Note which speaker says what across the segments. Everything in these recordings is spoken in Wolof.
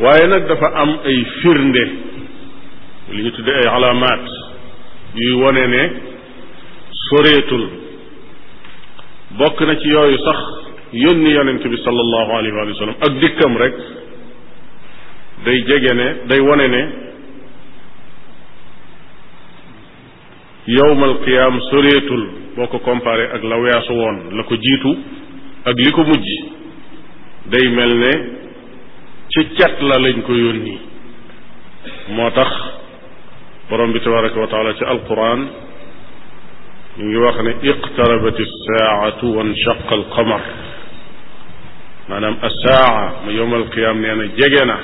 Speaker 1: waaye nag dafa am ay firnde li ñu tuddee ay alaamaat yuy wone ne soreetul bokk na ci yooyu sax yónni yonent bi sallallahu alayhi wa sallam ak dikkam rek day jege ne day wone ne yowmal qiyaam soreetul boo ko comparé ak la woon la ko jiitu ak li ko mujj day mel ne ci cet la lañ ko yónni moo tax borom bi tabaraka wa taala ci alquran mu ngi wax ni ne iqtarabat alsaatu wanshaqa alqamar maanaam assaa mu yowm alqiyam nee na jege na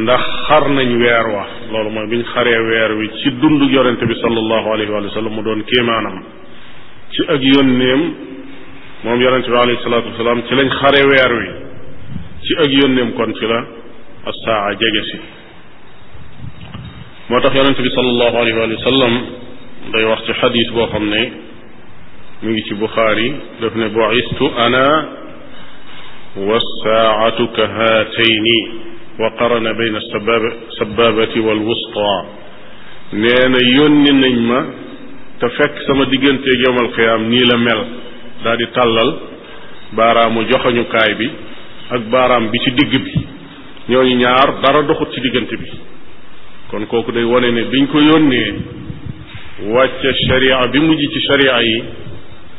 Speaker 1: ndax xar nañ weer wa loolu mooy biñ xaree weer wi ci dundu yonente bi sallallahu alayhi wa sallam mu doon kéemaanam ci ak yónneem moom yonente bi alayhi salatu wasalaam ci lañ xare weer wi ci ak yónneem kon ci la assaa moo tax yonent bi sallallahu alayhi wa sallam day wax ci xadis boo xam ne mu ngi ci buxaari daf ne bu'istu ana wassaatu ka haatayni wa qarana bayna sababati wal wusta nee na yónni nañ ma te fekk sama digganteeg yowmal qiyaam nii mel daal di tàllal baaraamu joxañukaay bi ak baaraam bi ci digg bi ñooñu ñaar dara doxut ci diggante bi kon kooku day wone ne biñ ko yónnee wàcce sharia bi mujj ci sharia yi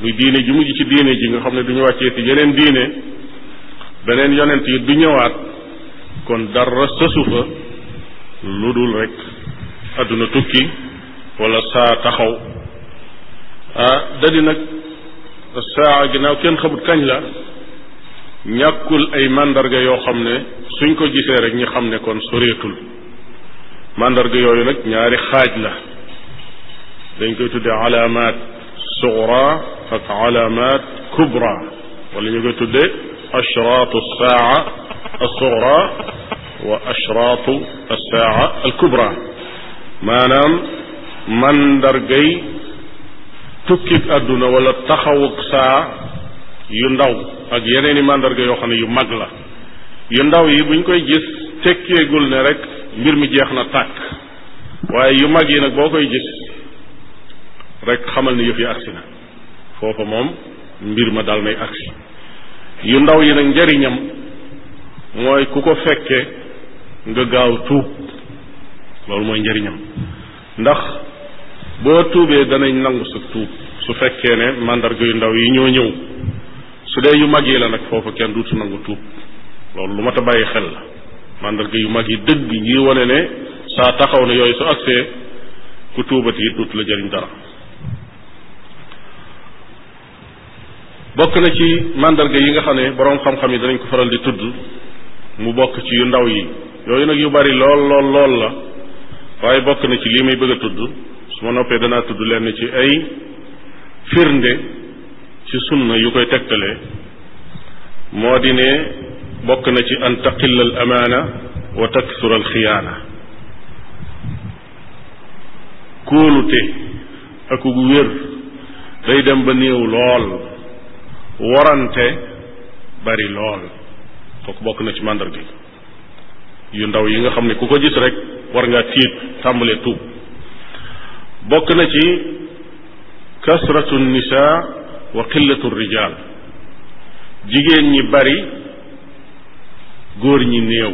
Speaker 1: muy diine ji mujj ci diine ji nga xam ne duñu wàccee ci yeneen diine beneen yonent yi du ñëwaat kon dara sësu fa lu dul rek àdduna tukki wala saa taxaw ah dadi nag saa ginnaaw kenn xamut kañ la ñàkkul ay mandarga yoo xam ne suñ ko gisee rek ñi xam ne kon soreetul mandarga yooyu nag ñaari xaaj la dañ koy tudde alaamaat sugra ak alaamaat kubra wala ñu koy tudde ashraatu saa assugra wa ashraatu saa alkubra maanaam mandargay tukkib àdduna wala taxawuk saa yu ndaw ak yeneen i màndarga yoo xam ne yu mag la yu ndaw yi buñ koy gis tekkeegul ne rek mbir mi jeex na tàkk waaye yu mag yi nag boo koy gis rek xamal ne yëf yi agsi na foofa moom mbir ma dal nay agsi yu ndaw yi nag njariñam mooy ku ko fekkee nga gaaw tuub loolu mooy njariñam ndax boo tuubee danañ nangu sa tuub su fekkee ne màndarga yu ndaw yi ñoo ñëw su dee yu mag yi la nag foofu kenn duutu nangu tuub loolu lu mat a bàyyi xel la mandarga yu mag yi dëgg yi wane ne saa taxaw ne yooyu su agsee ku tuubati it duutu la jëriñ dara bokk na ci màndarga yi nga xam ne boroom xam-xam yi danañ ko faral di tudd mu bokk ci yu ndaw yi yooyu nag yu bari lool lool lool la waaye bokk na ci lii may bëgg a tudd su ma noppee danaa tudd lenn ci ay firnde ci sunna yu koy tegtale moo di ne bokk na ci an taqilla al amaana wa taksura al xiyaana kóolute akug wér day dem ba néew lool warante bari lool kooku bokk na ci màndarga yu ndaw yi nga xam ne ku ko gis rek war ngaa tiit tàmbalee tuub bokk na ci kasratu nisaa wa qillatu rijaal jigéen ñi bari góor ñi néew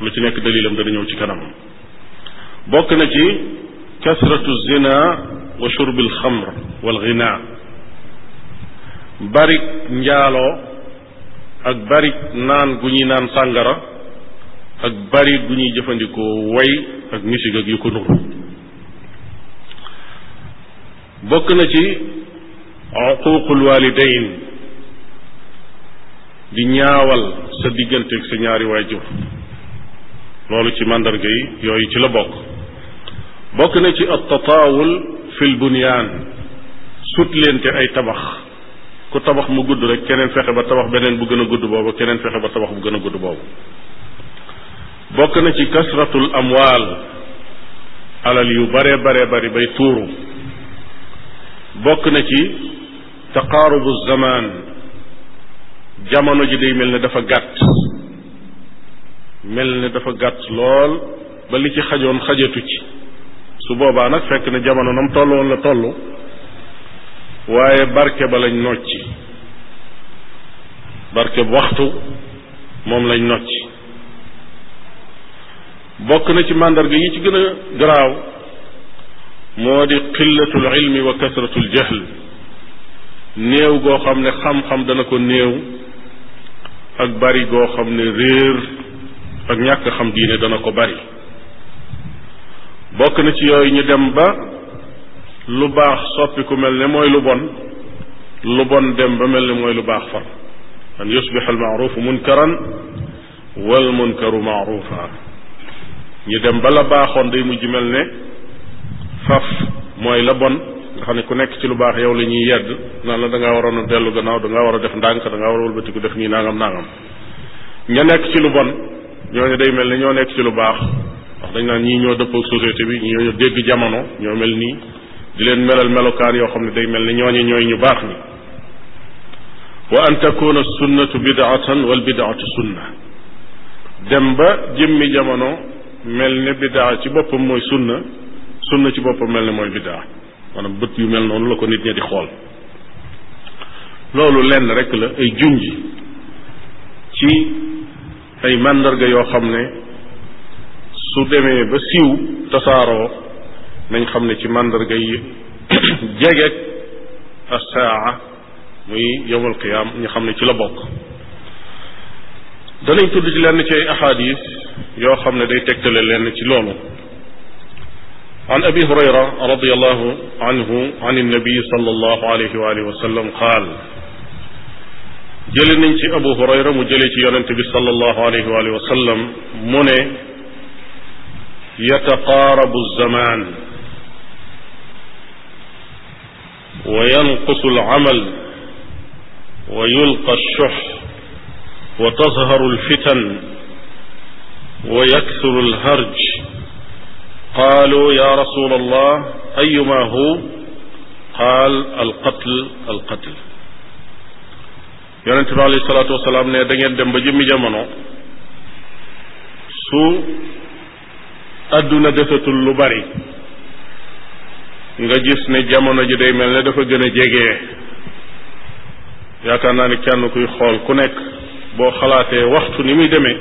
Speaker 1: lu ci nekk dalilam dana ñëw ci kanamam bokk na ci kasratu zina wa shurbil xamr wal ghina barik njaaloo ak barik naan gu ñuy naan sàngara ak bari gu ñuy jëfandikoo way ak misig ak yu ko nuru bokk na ci uququl walidayn di ñaawal sa digganteeg sa ñaari waajur loolu ci màndarga yooyu ci la bokk bokk na ci at tataawul fil bunyaan sutleente ay tabax ku tabax mu gudd rek keneen fexe ba tabax beneen bu gën a gudd boobu keneen fexe ba tabax bu gën a gudd boobu bokk na ci kasratul amwaal alal yu bare bare bari bay tuuru bokk na ci taqaarubu zaman jamono ji day mel ni dafa gàtt mel ni dafa gàtt lool ba li ci xajoon xajatu ci su boobaa nag fekk na jamono nam toll woon la toll waaye barke ba lañ nocci barke bu waxtu moom lañ nocci bokk na ci màndarga yi ci gën a garaaw moo di qillatul ilmi wa kasratul jahl néew goo xam ne xam-xam dana ko néew ak bari goo xam ne réer ak ñàkk xam diine dana ko bari bokk na ci yooyu ñu dem ba lu baax soppi ku mel ne mooy lu bon lu bon dem ba mel ne mooy lu baax far an yusbixa almaarufu munkaran wal munkaru maarufa ñu dem ba la baaxoon day mujj mel ne faf mooy la bon nga xam ne ku nekk ci lu baax yow la ñuy yedd naa la da waroon dellu gannaaw da ngaa a def ndànk danga ngaa war a wëlbatiku def nii nangam nangam ña nekk ci lu bon ñooñu day mel ni ñoo nekk ci lu baax wax dañ naan ñii ñoo dëppook société bi ñii ñoo dégg jamono ñoo mel nii di leen melal melokaan yoo xam ne day mel ni ñooñu ñooy ñu baax ni wa an takuna sunnatu bidaatan wal bidaatu sunna dem ba jëmmi jamono mel ne bidaa ci boppam mooy sunna sunna ci boppam mel ne mooy bidaa maanaam bët yu mel noonu la ko nit ña di xool loolu lenn rek la ay junj ci ay màndarga yoo xam ne su demee ba siiw tasaaroo nañ xam ne ci màndarga yi jegeek as-saa muy yowmal qiyaam ñu xam ne ci la bokk danañ tudd ci lenn ci ay yoo xam ne day tegtale lenn ci loolu an abi hurayra radiallahu anhu an annabi sallallahu alayhi wa alihi wa sallam qaal jële nañ ci abu hurayra mu jële ci yonente bi sallallahu alayhi wa alihi wa sallam mu ne yataqaarabu zaman wa yanqusu alamal wa yulqa alshuh wa tazharu alfitan wa yaksuru alharj qaalu ya rasul allah ayuma hu qaal alqatl alqatl yonente bi alayhi salaatu wasalaam ne da ngeen dem ba jëmmi jamono su àdduna defatul lu bari nga gis ne jamono ji day mel ne dafa gën a jege yaakaar naa ne kenn kuy xool ku nekk boo xalaatee waxtu ni muy demee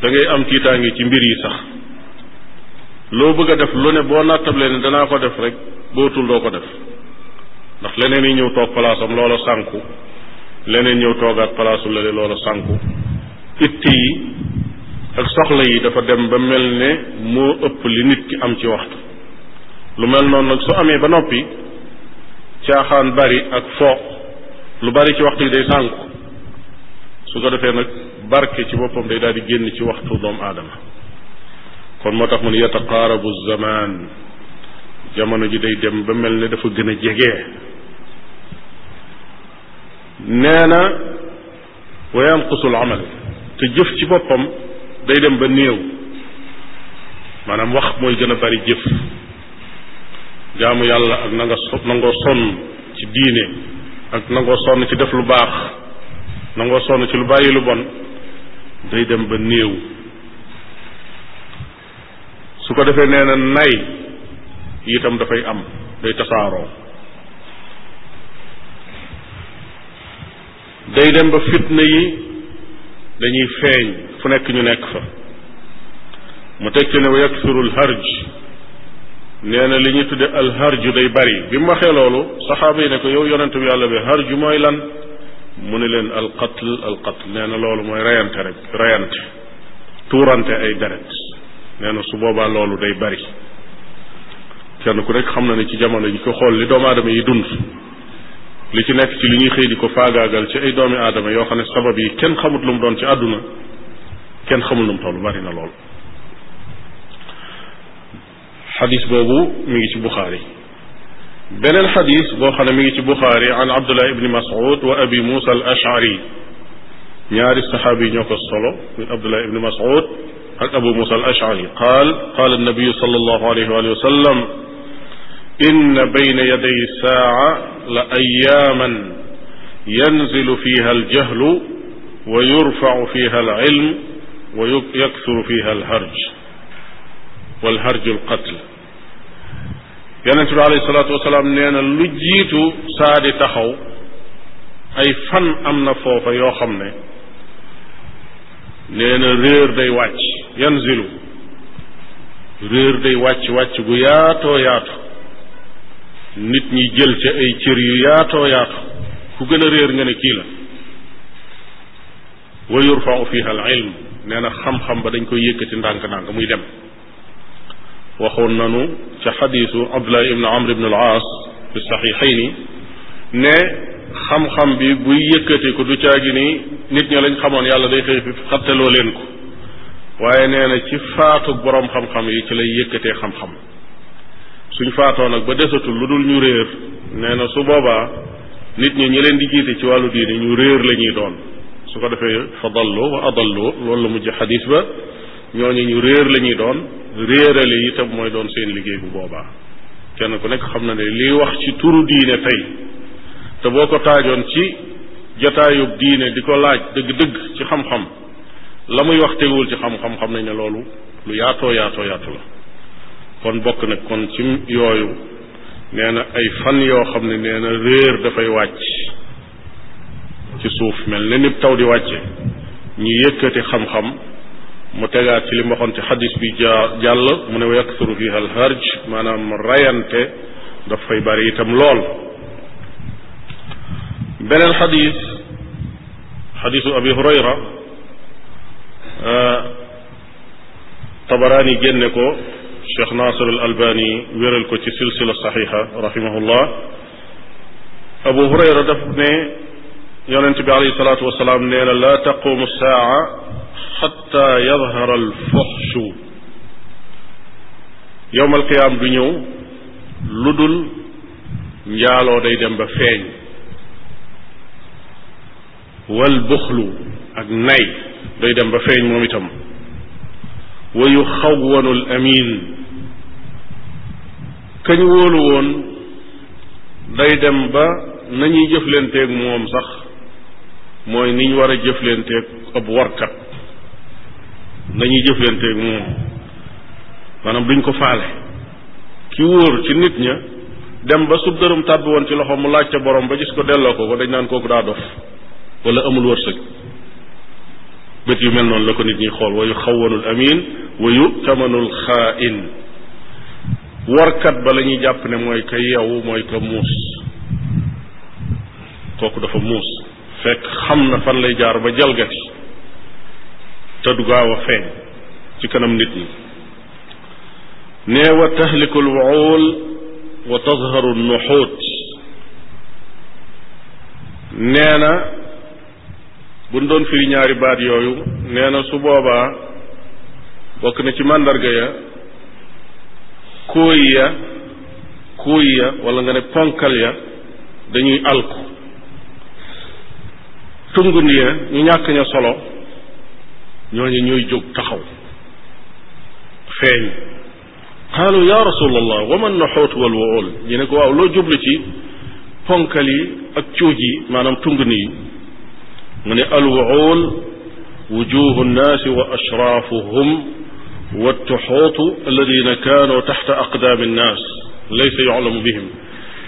Speaker 1: dangay am tiitaange ci mbir yi sax loo bëgg a def lu ne boo nattablee ne danaa ko def rek bootul doo ko def ndax leneen yi ñëw toog palaasam loola sànku leneen ñëw toogaat palaasu la loola sànku it yi ak soxla yi dafa dem ba mel ne moo ëpp li nit ki am ci waxtu lu mel noonu nag su amee ba noppi caaxaan bari ak fo lu bari ci waxtu yi day sànku su ko defee nag barke ci boppam day daal di génn ci waxtu doomu aadama kon moo tax mu ne yataqaarabu zaman jamono ji day dem ba mel ni dafa gën a jege nee na wa yanqusul amal te jëf ci boppam day dem ba néew maanaam wax mooy gën a bari jëf jaamu yàlla ak na nga sonn ci diine ak nangoo sonn ci def lu baax nangoo sonn ci lu bàyyi lu bon day dem ba néew su ko defee nee na nay itam dafay am day tasaaroo day dem ba fitna yi dañuy feeñ fu nekk ñu nekk fa mu teg ci ne wa yaksuru alharj nee na li ñuy tudde alharju day bari bi mu waxee loolu saxaaba yi ne ko yow yonente bi yàlla bi harju mooy lan mu ne leen alqatl alqatl nee na loolu mooy reyante rek reyante tuurante ay deret nee na su boobaa loolu day bari kenn ku nekk xam na ne ci jamono ji ko xool li doomu aadama yi dund li ci nekk ci li ñuy xëy di ko faagaagal ci ay doomi aadama yoo xam ne sabab yi kenn xamut lu mu doon ci àdduna kenn xamul lu mu toll bari na lool xadis boobu mu ngi ci buxaari beneen xadis boo xam ne mi ngi ci buxaari an abdullah ibni mas'ud wa abi musa al ashari ñaari saxaabi yi ñoo ko solo muy abdullah ibni mas'ud ak abu musa al ashari qaal qaala annabiyu sal allahu alayhi wa sallam inna bayna yaday saaca la ayaaman yanzilu fiha aljahlu wa yurfacu fiha alcilm wa yaksuru fiha alharj walharju alqatl yonent bi alayhi salaatu wasalaam nee na lu jiitu saa di taxaw ay fan am na foofa yoo xam ne nee na réer day wàcc yanzilu réer day wàcc wàcc gu yaato yaatu nit ñi jël ci ay cër yu yaato yaatu ku gën a réer nga ne kii la wa yurfau fiha al ilm nee na xam-xam ba dañ koy yëkkati ndànk-ndànk muy dem waxoon nanu ca xadiisu abdullah ibn amr ibn al aas fi saxiixayni ne xam-xam bi buy yëkkati ko du caagi ni nit ña lañ xamoon yàlla day xëy fi xatteloo leen ko waaye nee na ci faatu boroom xam-xam yi ci lay yëkkatee xam-xam suñ faatoo nag ba desatul lu dul ñu réer nee na su boobaa nit ñi ñi leen di jiite ci wàllu diine ñu réer lañuy doon su ko defee fa dallu wa adallu loolu la mujj xadis ba ñooñu ñu réer la ñuy doon réerale yi itam mooy doon seen liggéey bu boobaa kenn ku nekk xam na ne liy wax ci turu diine tey te boo ko taajoon ci jotaayub diine di ko laaj dëgg-dëgg ci xam-xam la muy wax teguwul ci xam-xam xam nañ loolu lu yaatoo yaatoo yaatu la kon bokk nag kon ci yooyu nee na ay fan yoo xam ne nee na réer dafay wàcc ci suuf mel ne nit taw di wàcce ñu yëkkati xam-xam mu tegaat ci li ma waxoon ci xadis bi ja jàll mu ne wa yaksuru fiha al harj maanaam rayante dafay bari itam lool beneen xadis xadisu abi hurayra euh, tabaraani génne ko cheikh nasir al albani wéral ko ci silsila saxiixa rahimahullah abu hurayra daf ne yonente bi alayhi salaatu wasalaam nee na laa taqumu saa xatta yadhara al foxshu yowm al qiyaam du ñëw lu dul njaaloo day dem ba feeñ wal buxlu ak nay day dem ba feeñ moom itam wa yuxawwanu l amin kañ wóolu woon day dem ba nañuy jëflanteeg moom sax mooy ni ñu war a jëflanteeg ab warkat nañuy jëflanteeg moom maanaam duñ ko faale ki wóor ci nit ña dem ba sub dërëm woon ci loxo mu laaj ca borom ba gis ko delloo ko ko dañ naan kooku daa dof wala amul wërsëg bët yu mel noonu la ko nit ñi xool wa yu xawanul amin wa yu tamanul xaain warkat ba la ñuy jàpp ne mooy ka yeewu mooy ka muus kooku dafa muus fekk xam na fan lay jaar ba jalgati te du gaaw a feeñ ci kanam nit ñi nee wa tahliku lwuul wa tazharu nuxuut nee na buñ doon fii ñaari baat yooyu nee na su boobaa bokk na ci màndarga ya kóoy ya kóoy ya wala nga ne ponkal ya dañuy alku tungun ya ñu ñàkk ña solo ñooñu ñooy jóg taxaw feeñ qaalu ya rasulallah wa man naxoot wal wool ñu ne ko waaw loo jublu ci ponkal yi ak cuuj yi maanaam tungun yi mu ne alwuul wujuhu nnaasi wa ashraafuhum wattuxootu alladina kaanoo taxta aqdaami nnaas laysa yuclamu bihim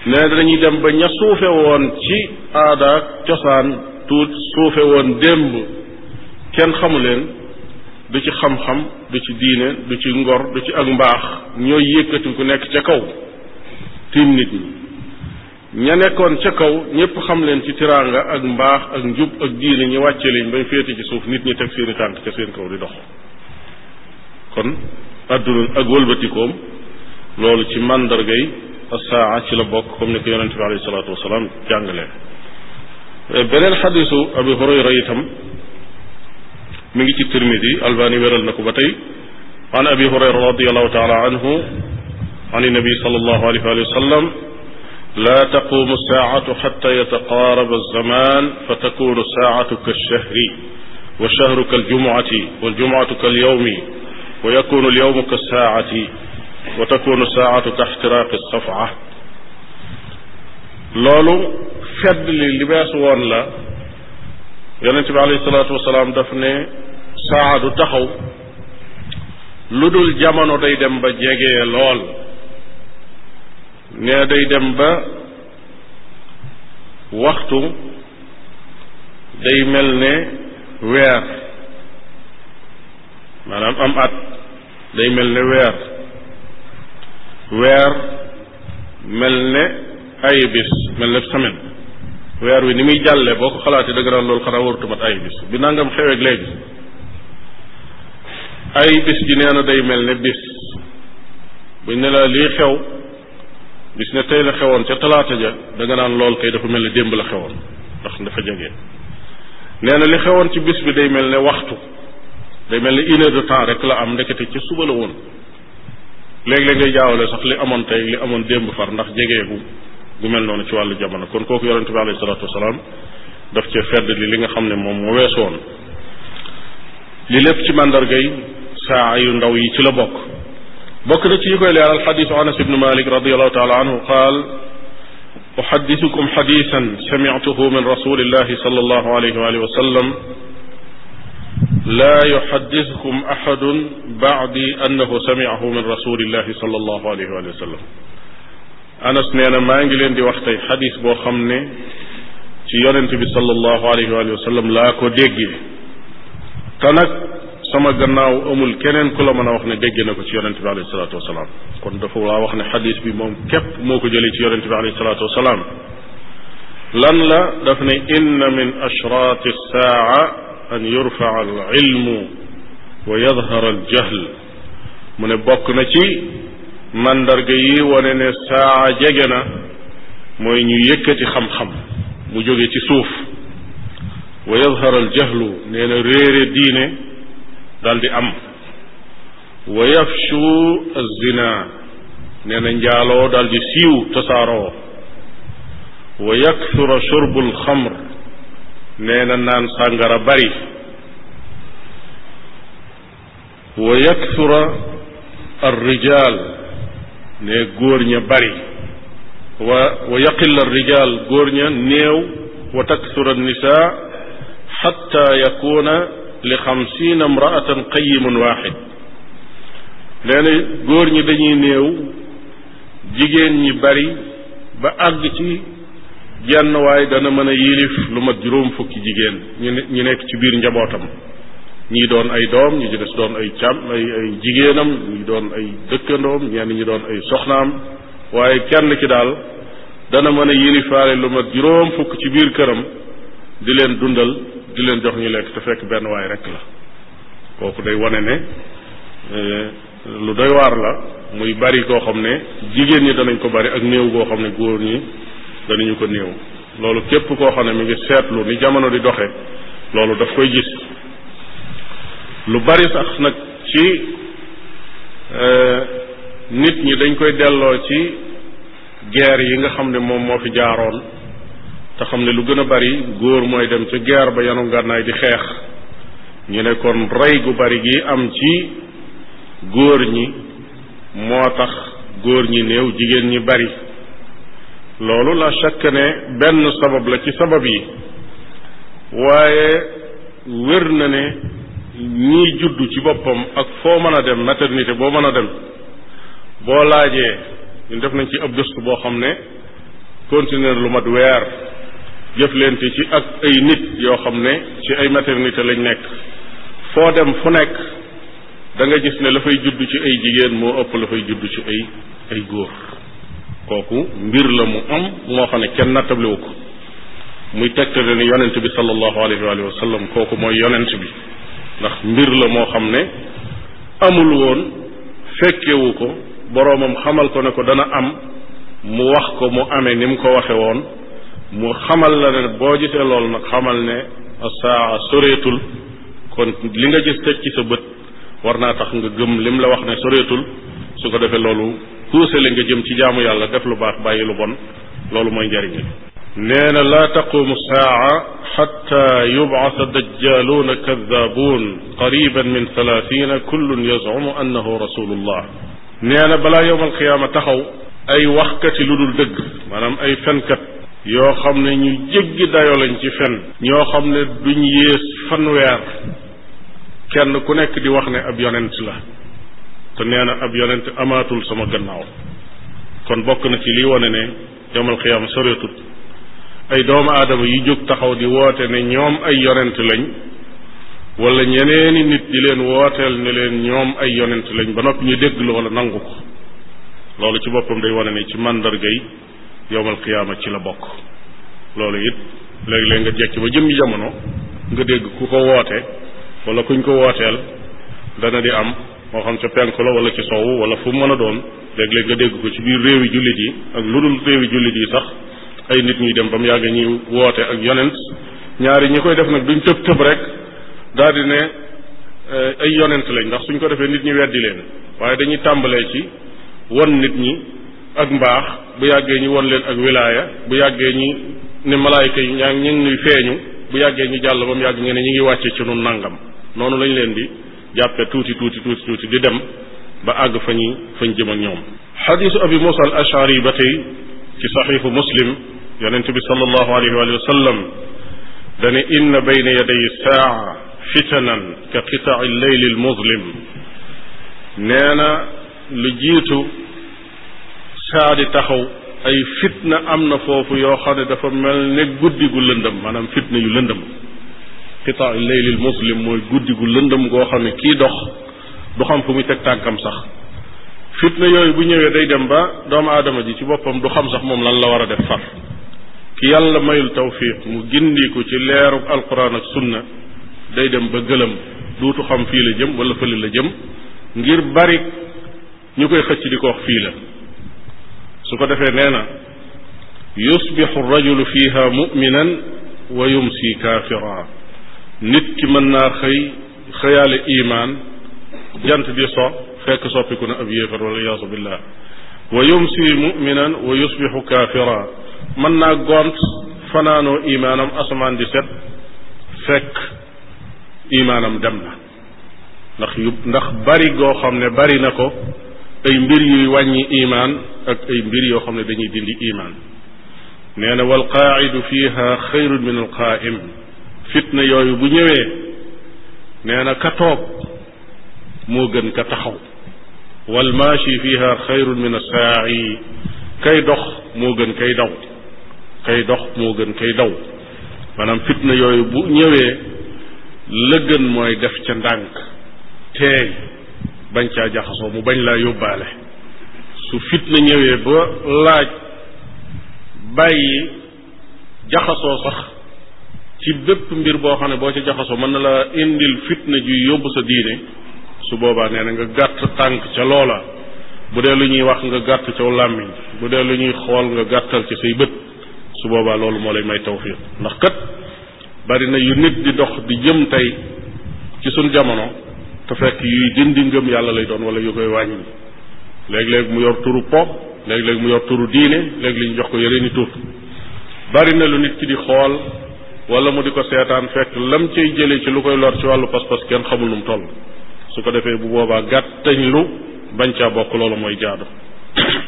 Speaker 1: nee dañuy dem ba ña suufe woon ci aadaak cosaan tuut suufe woon démb kenn xamu leen du ci xam-xam ci diine du ci ngor du ci ak mbaax ñooy yëkkati ku nekk ca kaw nit ñi ña nekkoon ca kaw ñëpp xam leen ci tiraanga ak mbaax ak njub ak diine ñu wàcce leen bañ féete ci suuf nit ñi teg seeni ca seen kaw di dox kon adduna ak wëlbatikoom loolu ci màndargay assaa ci la bokk comme ni ko yonente bi alayhi salaatu wasalaam jàngalee beneen xadisu abi hurayra itam mi ngi ci tirmidi albani wéral na ko ba tey an abi hurayra radiallahu taala anhu an nabi sallallahu alayhi wa sallam laa taquumu saacatu xata yataqaaraba alzamaan fa takunu saacatu kalchahri wa chahru kaljumuati waljumuatu kalyawmi wa yakunu alyawmu kalsaacati wa takunu saacatu kaxtiraaqi alsafca loolu fedd li li beesu woon la yonente bi alayhi salaatu wasalaam daf ne saa du taxaw lu dul jamono day dem ba jege lool nee day dem ba waxtu day mel ne weer maanaam am at day mel ne weer weer mel ne ay bis mel ne semaine weer wi ni muy jàlle boo ko xalaatee da nga loolu xanaa waratu mat ay bis bi nangam xeweeg léegi ay bis ji nee day mel ne bis buñ ne lii xew bis ne tey la xewoon ca talaata ja da naan lool kay dafa mel ne démb la xewoon ndax dafa jege nee na li xewoon ci bis bi day mel ne waxtu day mel ne une heure de temps rek la am ndekete ca suba la woon léeg-léeg ngay jaawale sax li amoon tey li amoon démb far ndax jegeegu gu mel noonu ci wàllu jamono kon kooku yonente bi alayhi salaatu wasalaam daf cee fedd li li nga xam ne moom moo weesoon li lépp ci màndargay saa yu ndaw yi ci la bokk bokk na ci yi koy leeral xadisu anas ibnu malik radiallahu taala anhu qaal uxaddisukum xadisan samictuhu min rasulillahi sal allahu alayhi waalihi wa sallam laa yuxaddisukum axadun bacdi annahu samicahu min rasulillahi sal allahu alayhi waalihi wa sallam anas nee na maa ngi leen di wax tey xadis boo xam ne ci yonent bi sal allahu alayhi waalihi wa sallam laa ko déggee te nag sama gannaaw amul keneen ku la mën a wax ne dégg na ko ci yonente bi alayhi salaatu wasalaam kon dafa laa wax ne xadis bi moom képp moo ko jëlee ci yonente bi alayhi salaatu wasalaam lan la daf ne inna min ashraati saaca an yurfaca al ilmu wa yadhara al jahl mu ne bokk na ci mandarga yi wane ne saaca jege na mooy ñu yëkkati xam-xam mu jóge ci suuf wa yadhara al jahlu nee na réere diine daal di am wa yafshu az-zina nee na njaaloo daal di siiw tasaaroo wa yakthura shurbul xamr nee na naan sàngara bari wa yakthura ar-rijaal ne góor ña bari wa wa yaqilla ar-rijaal góor ña néew wa takthura an-nisaa xatta yakuna li xamsiina mraatan qayimun waaxid nee góor ñi dañuy néew jigéen ñi bari ba àgg ci jenn waay dana mën a yilif lu mat juróom fukki jigéen ñu ne nekk ci biir njabootam ñii doon ay doom ñu ci des doon ay càm ay ay jigéenam ñi doon ay dëkkandoom ñenn ñi doon ay soxnaam waaye kenn ki daal dana mën a yilifaale lu mat juróom fukk ci biir këram di leen dundal di leen jox ñu lekk te fekk benn waay rek la kooku day wane ne eh, lu doy waar la muy bari koo xam ne jigéen ñi danañ ko bari ak néew goo xam ne góor ñi danañu ko néew loolu képp koo xam ne mi ngi seetlu ni jamono di doxe loolu daf koy gis lu bari sax nag ci eh, nit ñi dañ koy delloo ci guerre yi nga xam ne moom moo fi jaaroon te xam ne lu gën a bari góor mooy dem ca guerre ba yanu ngànnaay di xeex ñu ne kon rey gu bari gi am ci góor ñi moo tax góor ñi néew jigéen ñi bari loolu la chaque ne benn sabab la ci sabab yi waaye wér na ne ñiy juddu ci boppam ak foo mën a dem maternité boo mën a dem boo laajee ñun def nañ ci ab gëstu boo xam ne continuer lu mat weer jëflante ci ak ay nit yoo xam ne ci ay maternité lañ nekk foo dem fu nekk danga gis ne la fay judd ci ay jigéen moo ëpp la fay judd ci ay ay góor kooku mbir la mu am moo xam ne kenn nattabliwu ko muy tegtale ni yonent bi sallallahu alayhi wa sallam kooku mooy yonent bi ndax mbir la moo xam ne amul woon fekkewu ko boroomam xamal ko ne ko dana am mu wax ko mu amee ni mu ko waxe woon mu xamal la ne boo gisee loolu nag xamal ne asaa soreetul kon li nga gis teg ci sa bët war naa tax nga gëm lim la wax ne soreetul su ko defee loolu puusale nga jëm ci jaamu yàlla def lu baax bàyyi lu bon loolu mooy njariñ nee na laa taqumu saa xatta yubcasa dajjaaluuna kadaabuun qariban min thalathina kullun yazumu annahu rasulullah nee na balaa yowm alqiyaama taxaw ay waxkati lu dul dëgg maanaam ay fenkat yoo xam ne ñu jéggi dayo lañ ci fen ñoo xam ne duñ yées fanweer kenn ku nekk di wax ne ab yonent la te nee na ab yonent amaatul sama gannaaw kon bokk na ci lii wane ne yowmal qiyaama soreetut ay doomu aadama yu jóg taxaw di woote ne ñoom ay yonent lañ wala ñeneeni nit di leen wooteel ne leen ñoom ay yonent lañ ba noppi ñu dégg lu wala nangu ko loolu ci boppam day wane ne ci màndargay yowmal qiyaama ci la bokk loolu it léegi léeg nga jekki ba jëmmi jamono nga dégg ku ko woote wala kuñ ko wooteel dana di am moo xam ca penku la wala ci sowu wala fu mën a doon léegi léeg nga dégg ko ci biir réewi jullit yi ak lu dul réewi jullit yi sax ay nit ñuy dem ba mu yàgg ñuy woote ak yonent ñaari ñi koy def nag duñ tëb tëb rek daal di ne eh, ay yonent lañ ndax suñ ko defee nit ñi weddi leen waaye dañuy tàmbalee ci won nit ñi ak mbaax bu yàggee ñu won leen ak wilaaya bu yàggee ñi ne malaayka yi ñaa ngi ñuy feeñu bu yàggee ñu jàll ba mu yàgg nga ne ñu ngi wàcce ci nu nangam noonu lañ leen di jàppe tuuti tuuti tuuti tuuti di dem ba àgg fa ñu fa jëm ak ñoom xadiisu abi musa al ashari ba tey ci saxiixu muslim yonente bi sallallahu alayhi wa sallam dane inna bayna yaday saa fitanan ka qitaa'i leyli al muzlim nee na lu jiitu saa di taxaw ay fitna am na foofu yoo xam ne dafa mel ne guddi gu lëndëm maanaam fitna yu lëndëm qitaa leylil muslim mooy guddi gu lëndëm goo xam ne kii dox du xam fu muy teg tànkam sax fitna yooyu bu ñëwee day dem ba doomu aadama ji ci boppam du xam sax moom lan la war a def far ki yàlla mayul tawfiq mu gindiku ci leeru alquran ak sunna day dem ba gëlëm duutu xam fii la jëm walla fële la jëm ngir bari ñu koy xëcc di ko wax fii la su ko defee nee na yusbixu rajulu fiha muminan wa yumsi kaafira nit ki mën naa xëy xëyaale imaan jant di so fekk soppiku na ab yéefar wala iyaasu billah wa yumsi muminan wa yusbixu kaafira mën naa gont fanaanoo imaanam asamaan di set fekk imaanam dem na ndax yu ndax bari goo xam ne bari na ko ay mbir yuy wàññi imaan ak ay mbir yoo xam ne dañuy dindi imaan nee na wal qaa'idu fiha xayrun min al qaa'im fitna yooyu bu ñëwee nee na ka toog moo gën ka taxaw wal maashi fiha xayrun min as-saa'i kay dox moo gën kay daw kay dox moo gën kay daw maanaam fitna yooyu bu ñëwee la gën mooy def ca ndànk teey bañ caa jaxasoo mu bañ laa yóbbaale su fitna ñëwee ba laaj bàyyi jaxasoo sax ci bépp mbir boo xam ne boo ca jaxasoo mën na laa indil fitna juy yóbbu sa diine su boobaa nee na nga gàtt tànk ca loola bu dee lu ñuy wax nga gàtt ca làmmiñ bu dee lu ñuy xool nga gàttal ci say bët su boobaa loolu moo lay may tawfiq ndax kat bari na yu nit di dox di jëm tey ci suñ jamono te fekk yuy dindi ngëm yàlla lay doon wala yu koy wàññi léeg-léeg mu yor turu pop léeg-léeg mu yor turu diine léeg-léeg jox ko yeneen i tur bari na lu nit ki di xool wala mu di ko seetaan fekk lam cay jëlee ci lu koy lor ci wàllu pas-pas kenn xamul nu mu toll su ko defee bu boobaa gàttañ lu bañ caa bokk loolu mooy jaadu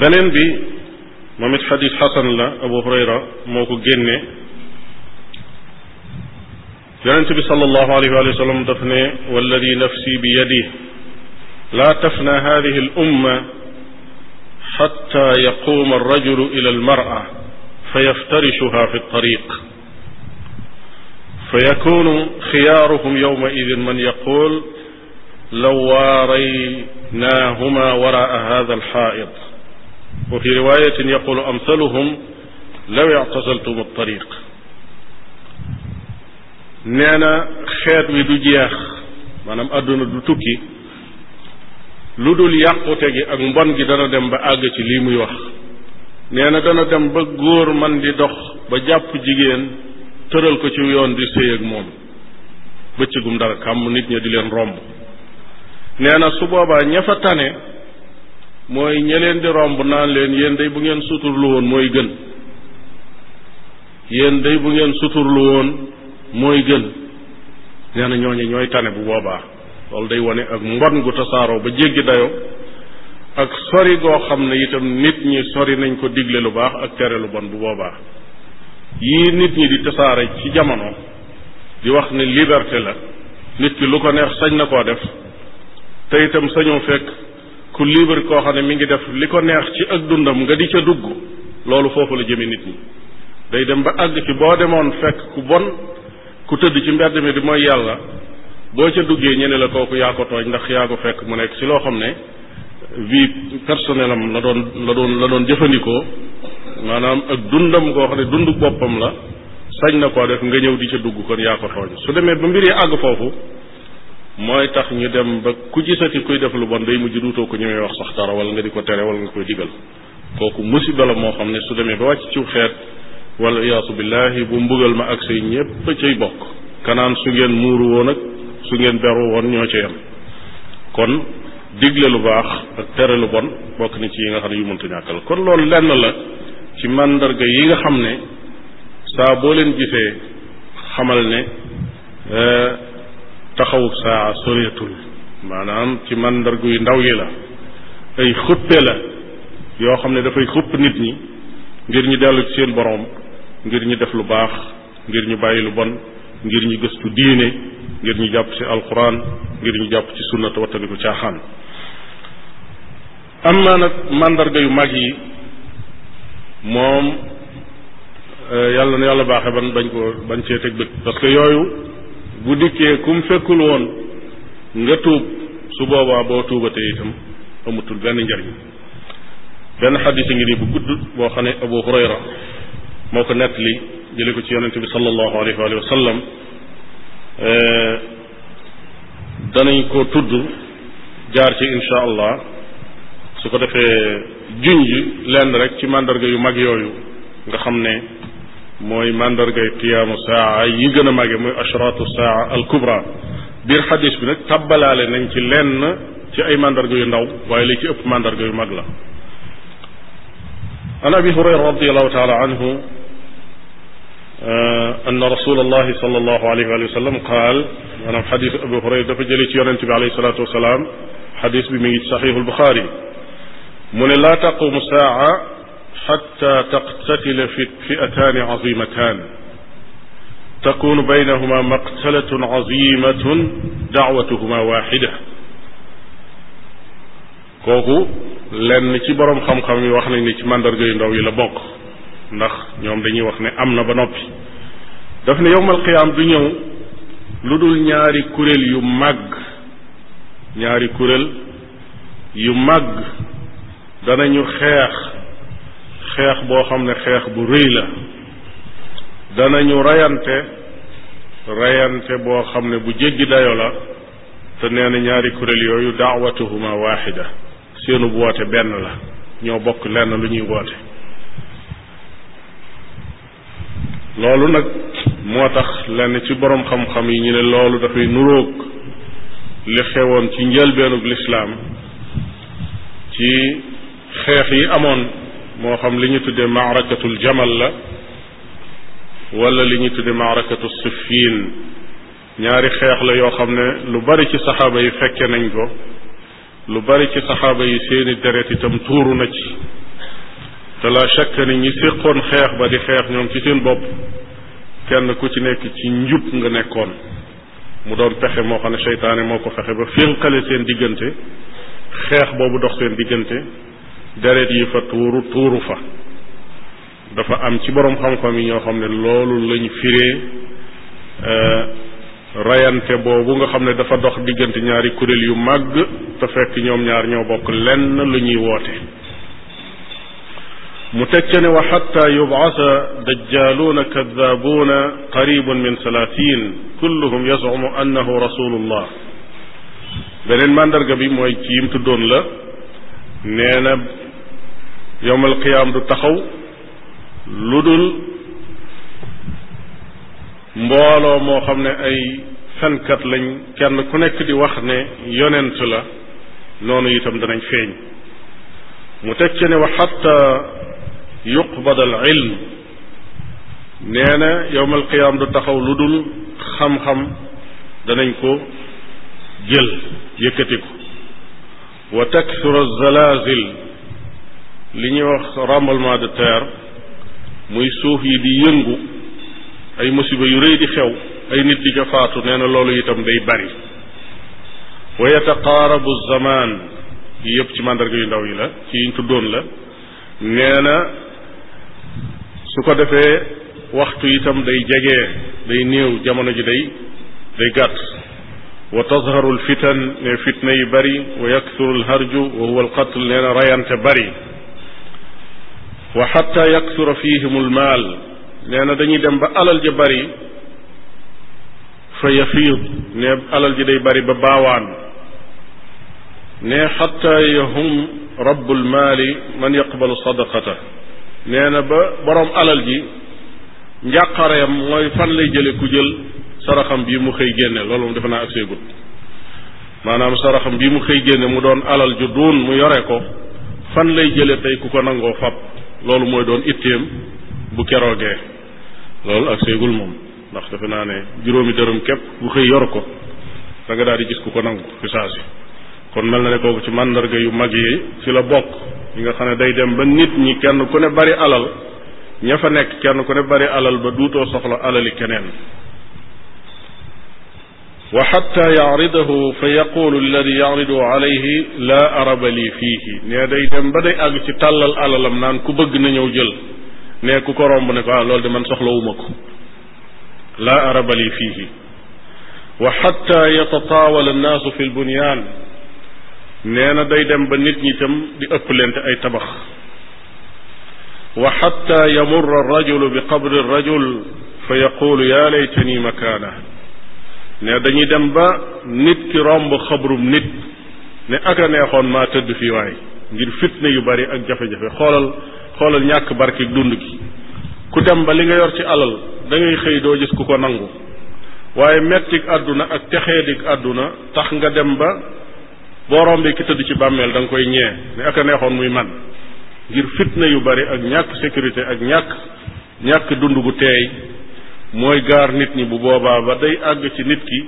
Speaker 1: beneen bi moom it xadis xasan la abu hurayra moo ko génne yonent bi sallallahu alayhi wa sallam daf ne walladi nafsi bi yadi laa tafna hadihi al umma xatta yaquuma arrajulu ila almara fa yaftarishuha fi ltariq fa yakunu xiyaaruhum yowmaidin man yaqul law waaraynaahuma waraa hada alxaaid wa fi riwayatin yaqulu amsaluhum law ictasaltum altriq nee na xeet wi du jeex maanaam àdduna du tukki lu dul yàqute gi ak mbon gi dana dem ba àgg ci lii muy wax nee na dana dem ba góor man di dox ba jàpp jigéen tëral ko ci yoon di séy ak moom bëccëgum dara kàmm nit ña di leen romb nee na su boobaa ña fa tane mooy ña di romb naan leen yéen day bu ngeen suturlu woon mooy gën yéen day bu ngeen suturlu woon mooy gën nee na ñooñu ñooy tane bu boobaa loolu day wane ak mbon gu tasaaroo ba jéggi dayo ak sori goo xam ne itam nit ñi sori nañ ko digle lu baax ak tere lu bon bu boobaa yii nit ñi di tasaare ci jamono di wax ne liberté la nit ki lu ko neex sañ na koo def te yitam sañoo fekk ku libre koo xam ne mi ngi def li ko neex ci ak dundam nga di ca dugg loolu foofu la jëme nit ñi day dem ba àgg ci boo demoon fekk ku bon ku tëdd ci mber mi di mooy yàlla boo ca duggee ñene la kooku yaa ko tooñ ndax yaa ko fekk mu nekk ci loo xam ne vie personnel am la doon la doon la doon jëfandikoo maanaam ak dundam koo xam ne dundu boppam la sañ na koo def nga ñëw di ca dugg kon yaa ko tooñ su demee ba mbir yi àgg foofu mooy tax ñu dem ba ku gisati kuy def lu bon day mujj duutoo ko ñëwee wax sax dara wala nga di ko tere wala nga koy digal kooku musiba la moo xam ne su demee ba wàcc xeet wala iyaasu billahi bu mbugal ma agsi ñépp a cay bokk kanaan su ngeen muuru woon ak su ngeen beru woon ñoo ca yem kon digle lu baax ak tere lu bon bokk ni ci yi nga xam ne yu mënta ñàkkal kon loolu lenn la ci màndarga yi nga xam ne saa boo leen gisee xamal ne e, taxawu saa soreetul maanaam ci màndargu yu ndaw yi la ay xuppe la yoo xam ne dafay xupp nit ñi ngir ñi dellu ci seen boroom ngir ñu def lu baax ngir ñu bàyyi lu bon ngir ñu gëstu diine ngir ñu jàpp ci alquran ngir ñu jàpp ci sunna te wattandiku caaxaan am na nag mandarga yu mag yi moom euh, yàlla na yàlla baaxe ban bañ koo bañ cee teg bët parce que yooyu bu dikkee ku mu fekkul woon nga tuub su boobaa boo tuubatee itam amatul benn njariñ benn xadis a ngi bu gudd boo xam ne Abu Hurayra moo ko nettali jële ko ci yonente bi sallallahu alayhi wa sallam eh, danañ ko tudd jaar ci insha allah su ko defee junj lenn rek ci mandarga yu mag yooyu nga xam ne mooy mandargay qiyaamu saa yi gën a mage muy ashraatu saa al kubra biir xadis bi nag tabbalaale nañ ci lenn ci ay mandarga yu ndaw waaye li ci ëpp mandarga yu mag la an abi hurayra taala anhu anna rasulallahi sallallahu alayhi wa sallam qaal maanaam xadis abu hurayra dafa jëlee ci yonente bi alayhi salaatu wasalaam xadis bi mi ngi ci saxiixu albuxaari mu ne laa taqumu saaca xatta taqtatila fi fi'ataani azimataan takunu baynahuma maqtalatun azimatun dacwatuhuma waaxida kooku lenn ci boroom xam-xam yi wax nañ ne ci màndarga yu ndaw yi la bokk ndax ñoom dañuy wax ne am na ba noppi daf ne yowmal qiyaam du ñëw lu dul ñaari kuréel yu màgg ñaari kuréel yu màgg danañu xeex xeex boo xam ne xeex bu rëy la danañu rayante rayante boo xam ne bu jéggi dayo la te nee na ñaari kuréel yooyu daawatuhuma waaxida seenu woote benn la ñoo bokk lenn lu ñuy woote loolu nag moo tax lenn ci boroom xam-xam yi ñu ne loolu dafay nuróog li xewoon ci njëlbeenug lislaam ci xeex yi amoon moo xam li ñu tuddee maarakatul jamal la wala li ñu tuddee maarakatu siffin ñaari xeex la yoo xam ne lu bari ci saxaaba yi fekke nañ ko lu bari ci saxaaba yi seeni deret itam tuuru na ci te la chaque ni ñi séqoon xeex ba di xeex ñoom ci seen bopp kenn ku ci nekk ci njub nga nekkoon mu doon pexe moo xam ne seytaane moo ko fexe ba fénqale seen diggante xeex boobu dox seen diggante deret yi fa tuuru tuuru fa dafa am ci boroom xam-xam yi ñoo xam ne loolu lañ firee euh, rayante boobu nga xam ne dafa dox diggante ñaari kuréel yu màgg te fekk ñoom ñaar ñoo bokk lenn lu ñuy woote mu teg ca ne wa xata yubcasa dajjaaluuna kadaabuuna qaribun min salaatin kulluhum yazumu annahu rasulullah beneen màndarga bi mooy ci yim tuddoon la nee na yowmal qiyaam du taxaw lu dul mbooloo moo xam ne ay fenkat lañ kenn ku nekk di wax ne yonent la noonu itam danañ feeñ mu teg ca ne wa xata yuqbad al ilm nee na yowmal qiyaam du taxaw lu dul xam-xam danañ ko jël yëkkati ko wa takthura zalazil li ñuy wax tremblement de terre muy suuf yi di yëngu ay musiba yu rëy di xew ay nit di ca faatu nee na loolu itam day bari wa yataqaarabu zaman yi yëpp ci màndarga yu ndaw yi la ci yiñ tuddoon la nee na su ko defee waxtu itam day jege day néew jamono ji day day gàtt wa ne fitna yi bari wa alharju wa huwa alqatl na rayante bari wa xatta yaksura dañuy dem ba alal ji bari fa ne alal day bari ba baawaan ne xatta yahum rabbul maali man yaqbalu sadaqata nee na ba borom alal ji njàqareem mooy fan lay jële ku jël saraxam bii mu xëy génne loolu moom defe naa ak seegut maanaam saraxam bii mu xëy génne mu doon alal ju duun mu yore ko fan lay jële tey ku ko nangoo fab loolu mooy doon itteem bu keroogee loolu ak seegul moom ndax defe naa ne juróomi dërëm képp bu xëy yor ko da nga daal di gis ku ko nangu fi saa si kon mel na ne kooku ci màndarga yu mag yi ci la bokk li nga xam ne day dem ba nit ñi kenn ku ne bari alal ña fa nekk kenn ku ne bari alal ba duutoo soxla alali keneen wa xatta yaaridahu fa yaqulu alladi yaaridu alayhi laa araba li fiihi ne day dem ba day àgg ci tàllal alalam naan ku bëgg na ñëw jël ne ku ko romb ne ko ah loolu de man soxlawuma ko laa araba li fiihi wa xatta yatataawala annaasu fi lbunyaan nee na day dem ba nit ñi tam di ëpp ëpplente ay tabax wa xatta yamurra rajulu bi qabri rajul fa yaqulu yaa laytani makaana ne dañuy dem ba nit ki romb xabrum nit ne ak a neexoon maa tëdd fii waay ngir fitne yu bari ak jafe-jafe xoolal ñàkk barke dund gi ku dem ba li nga yor ci alal da ngay xëy doo gis ku ko nangu waaye mettik àdduna ak texeedik àdduna tax nga dem ba boo rombee ki tëdd ci bàmmeel danga koy ñee ne ak a neexoon muy man ngir fitna yu bari ak ñàkk sécurité ak ñàkk ñàkk dund gu teey mooy gaar nit ñi bu boobaa ba dey àgg ci nit ki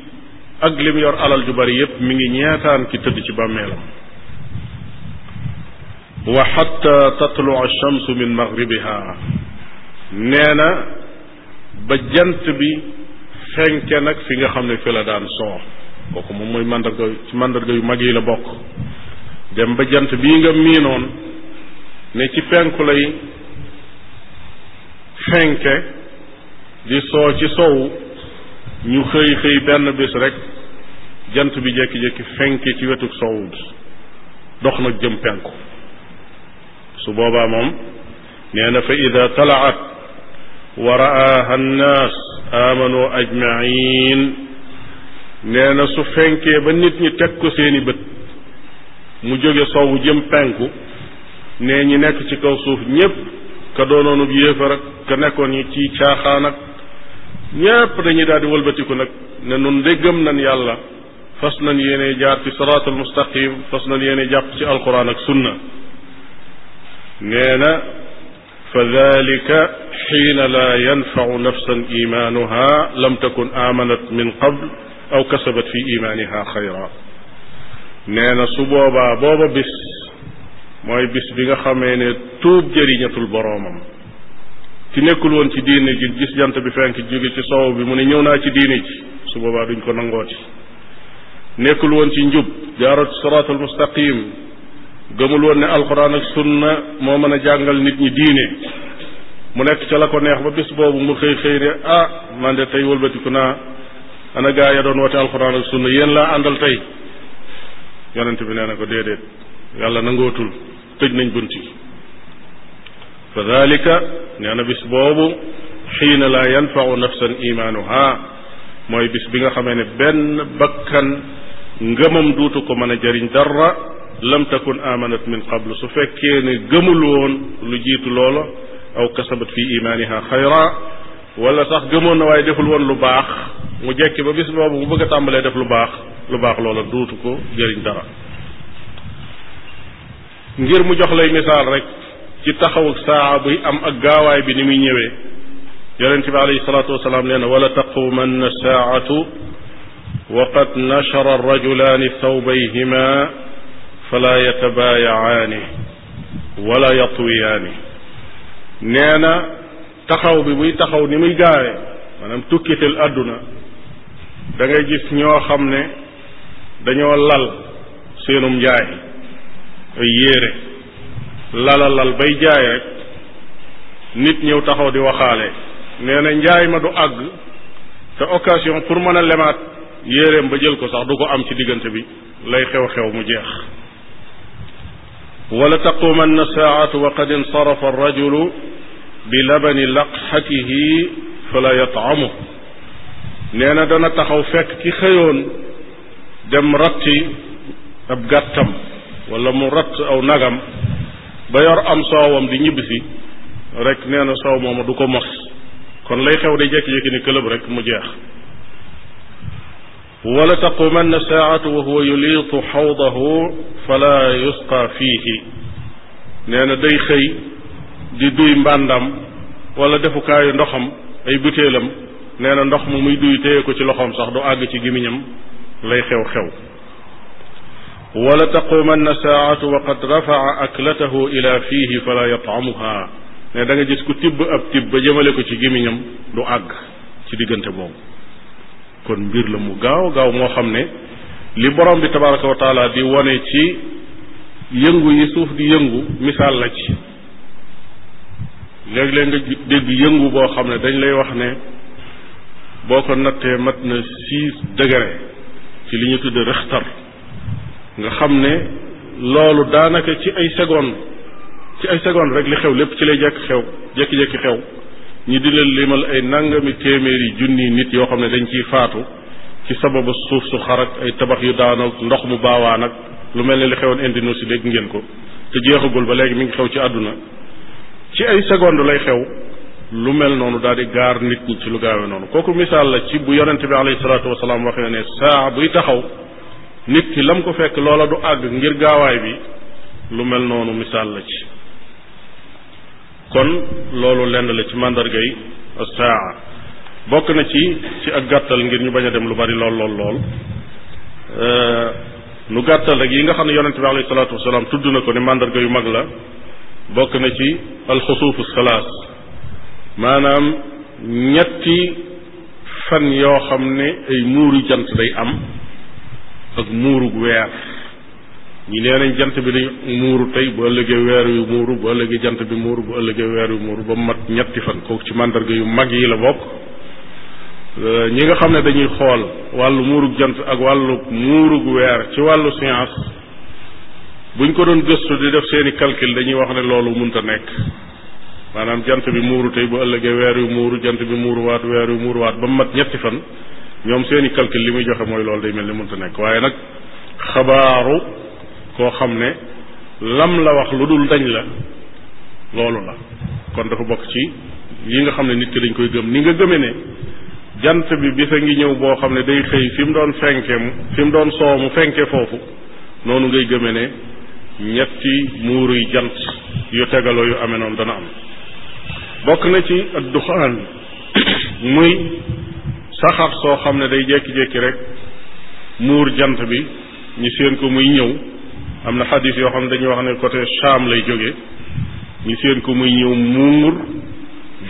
Speaker 1: ak lim yor alal ju bari yépp mi ngi ñeetaan ki tëdd ci bàmmeelam wa xatta tatluu alchamsu min magribiha nee na ba jant bi fenke nag fi nga xam ne fi la daan soo kooku moom mooy màndarga yu mag yi la bokk dem ba jant bi nga miinoon ne ci penku lay fenke di soo ci sow ñu xëy xëy benn bis rek jant bi jékki-jékki fenke ci wetu sow dox nag jëm penku su boobaa moom nee na fa ida talaat wa raaha annaas amanu ajmain nee su fenkee ba nit ñi teg ko seeni bët mu jóge sowu jëm penku nee ñi nekk ci kaw suuf ñépp ka doonoonub yéefar ak ka nekkoon ñi ci caaxaan ak ñépp dañuy daal di wëlbatiku nag ne nun de gëm nañ yàlla fas nañ yéene jaar ci siraatul mustaqim fas nañ yéene jàpp ci alquran ak sunna nee na fa dalika xiina laa yanfacu nafsan imaanuha lam takun aamanat min qabl aw kasabat fi imaaniha xayra nee na su boobaa booba bis mooy bis bi nga xamee ne tuub jëriñatul boroomam ci nekkul woon ci diine ji gis jant bi fenk jóge ci soow bi mu ne ñëw naa ci diine ji su boobaa duñ ko nangooti nekkul woon ci njub jaaroo ci siraatul mustaqim gëmul woon ne alxuraan ak sunna moo mën a jàngal nit ñi diine mu nekk ca la ko neex ba bis boobu mu xëy xëy ne ah man de tey wëlbatiku naa ana gaa ya doon woote alxuraan ak sunna yéen laa àndal tey yonent bi nee na ko déedéet yàlla nangootul tëj nañ bunt yi fa dalika nee na bis boobu xiina laa yanfau nafsan imaanuha mooy bis bi nga xamee ne benn bakkan ngëmam ko mën a jariñ dara lam takun amanat min qablu su fekkee ne gëmul woon lu jiitu loola aw kasabat fi imaaniha xayra wala sax gëmoon na waaye deful woon lu baax mu jekki ba bis boobu mu bëgg a tàmbalee def lu baax lu baax loola duutu ko jëriñ dara ngir mu jox lay misaal rek ci taxawu saa buy am ak gaawaay bi ni muy ñëwee yonente bi alayhi salaatu wasalaam nee na wala taquumanna saatu waqad nashara rajulaani thawbayhima fala yatabaayaani wala yatwiyaani nee na taxaw bi buy taxaw ni muy gaawee maanaam tukkitel àdduna da ngay gis ñoo xam ne dañoo lal seenum njaay ay yéere lala lal bay jaay rek nit ñëw taxaw di waxaale neena njaay ma du àgg te occasion pour mën a lemaat yéereem ba jël ko sax du ko am ci diggante bi lay xew-xew mu jeex wala taqumanna saatu wa qad insarafa arrajulu bi labani laqxatihi fala yataamu nee na dana taxaw fekk ki xëyoon dem ratti ab gàttam wala mu ratt aw nagam ba yor am soowam di ñibbisi rek nee na soow mooma du ko mos kon lay xew di jekki-jekki ni këlëb rek mu jeex wala taqumanna saatu wa huwa yuliitu xawdahu fala yusqa fiihi nee na day xëy di duy mbàndam wala defukaayu ndoxam ay butéelam nee na ndox mu muy duy téye ko ci loxoom sax du àgg ci gimiñam lay xew-xew wala taquumanna saatu wa qad rafaa aklatahu ila fiihi fala yataamuha ne da gis ku tibb ab tibb ba jëmale ko ci gimiñam du àgg ci diggante boobu kon mbir la mu gaaw gaaw moo xam ne li borom bi tabaraka wa taala di wone ci yëngu yi suuf di yëngu misaal la ci léeg-léeg nga dégg yëngu boo xam ne dañ lay wax ne boo ko nattee mat na six degré ci li ñu tudde rëxtar nga xam ne loolu daanaka ci ay seconde ci ay seconde rek li xew lépp ci lay jekk xew jékki-jékki xew ñu di la limal ay nangami téeméeri junni nit yoo xam ne dañ ciy faatu ci sababu suuf su xarak ay tabax yu daanoog ndox mu baawaa nag lu mel ne li xewoon Indonésie dégg ngeen ko te jeexagul ba léegi mi ngi xew ci àdduna ci ay seconde lay xew lu mel noonu daal di gaar nit ñi ci lu gaawee noonu kooku misaal la ci bu yonente bi alayhi salaatu wasalaam waxee ne saa buy taxaw nit ki lam ko fekk loola du àgg ngir gaawaay bi lu mel noonu misaal la ci kon loolu lenn la ci màndargay saa bokk na ci ci ak gàttal ngir ñu bañ a dem lu bari lool lool lool euh, nu gàttal rek yi nga xam ne yonente bi alayhi salaatu wasalaam tudd na ko ne màndarga yu mag la bokk na ci alxusuufu salaas maanaam ñetti fan yoo xam ne ay muuru jant day am ak muurug weer ñi nee nañ jant bi dañ muuru tey bu ëllëgee weer yu muuru bu ëllëgee jant bi muuru bu ëllëgee weer yu muuru ba mat ñetti fan kooku ci màndarga yu mag yi la bokk ñi nga xam ne dañuy xool wàll muurug jant ak wàllu muurug weer ci wàllu science bu ñu ko doon gëstu di def seeni calcul dañuy wax ne loolu munta nekk maanaam jant bi muuru tey bu ëllëgee weer yu muuru jant bi muuru waat weer yu muuru waat ba mu mat ñetti fan ñoom seeni calcul li muy joxe mooy loolu day mel ni munta nekk waaye nag xabaaru koo xam ne lam la wax lu dul dañ la loolu la kon dafa bokk ci yi nga xam ne nit ki dañ koy gëm ni nga gëme ne jant bi bisa ngi ñëw boo xam ne day xëy fi mu doon fenke mu fi doon soow mu fenke foofu noonu ngay gëme ne ñetti muuruy jant yu tegaloo yu amee noonu dana am bokk na ci ak duxaan muy saxaar soo xam ne day jékki-jékki rek muur jant bi ñu séen ko muy ñëw am na xadis yoo xam ne dañuy wax ne côté Cham lay jóge ñu séen ko muy ñëw muur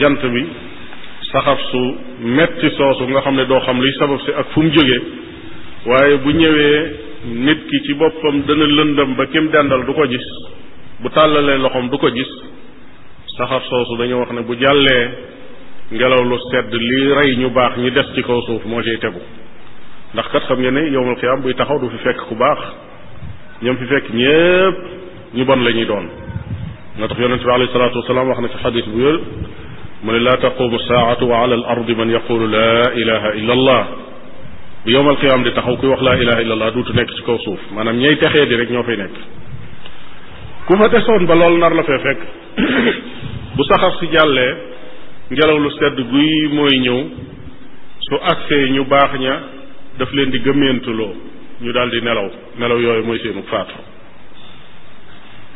Speaker 1: jant bi saxaf su metti soosu nga xam ne doo xam luy sabab si ak fu mu jógee waaye bu ñëwee nit ki ci boppam dana lëndam ba kim dendal du ko gis bu tàllalee loxoom du ko gis saxar soosu dañu wax ne bu jàllee ngelaw lu sedd li rey ñu baax ñu des ci kaw moo ciy tegu ndax kat xam nga ne yowmal xiyaam buy taxaw du fi fekk ku baax ñoom fi fekk ñépp ñu bon la doon moo tax yonente bi alayhi salaatu wasalaam wax na ci xadis bu wér mu ne laa taqumu saatu wa ala al ardi man yaqulu la ilaha illa allah bu yowmal qiyaam di taxaw kuy wax laa ilaha illallah duutu nekk ci kaw suuf maanaam ñay texee di rek ñoo fay nekk ku fa desoon ba loolu nar la fee fekk bu saxar si jàllee ngelaw lu sedd guy mooy ñëw su agsee ñu baax ña daf leen di gëmmeentuloo ñu daal di nelaw nelaw yooyu mooy seenu faatu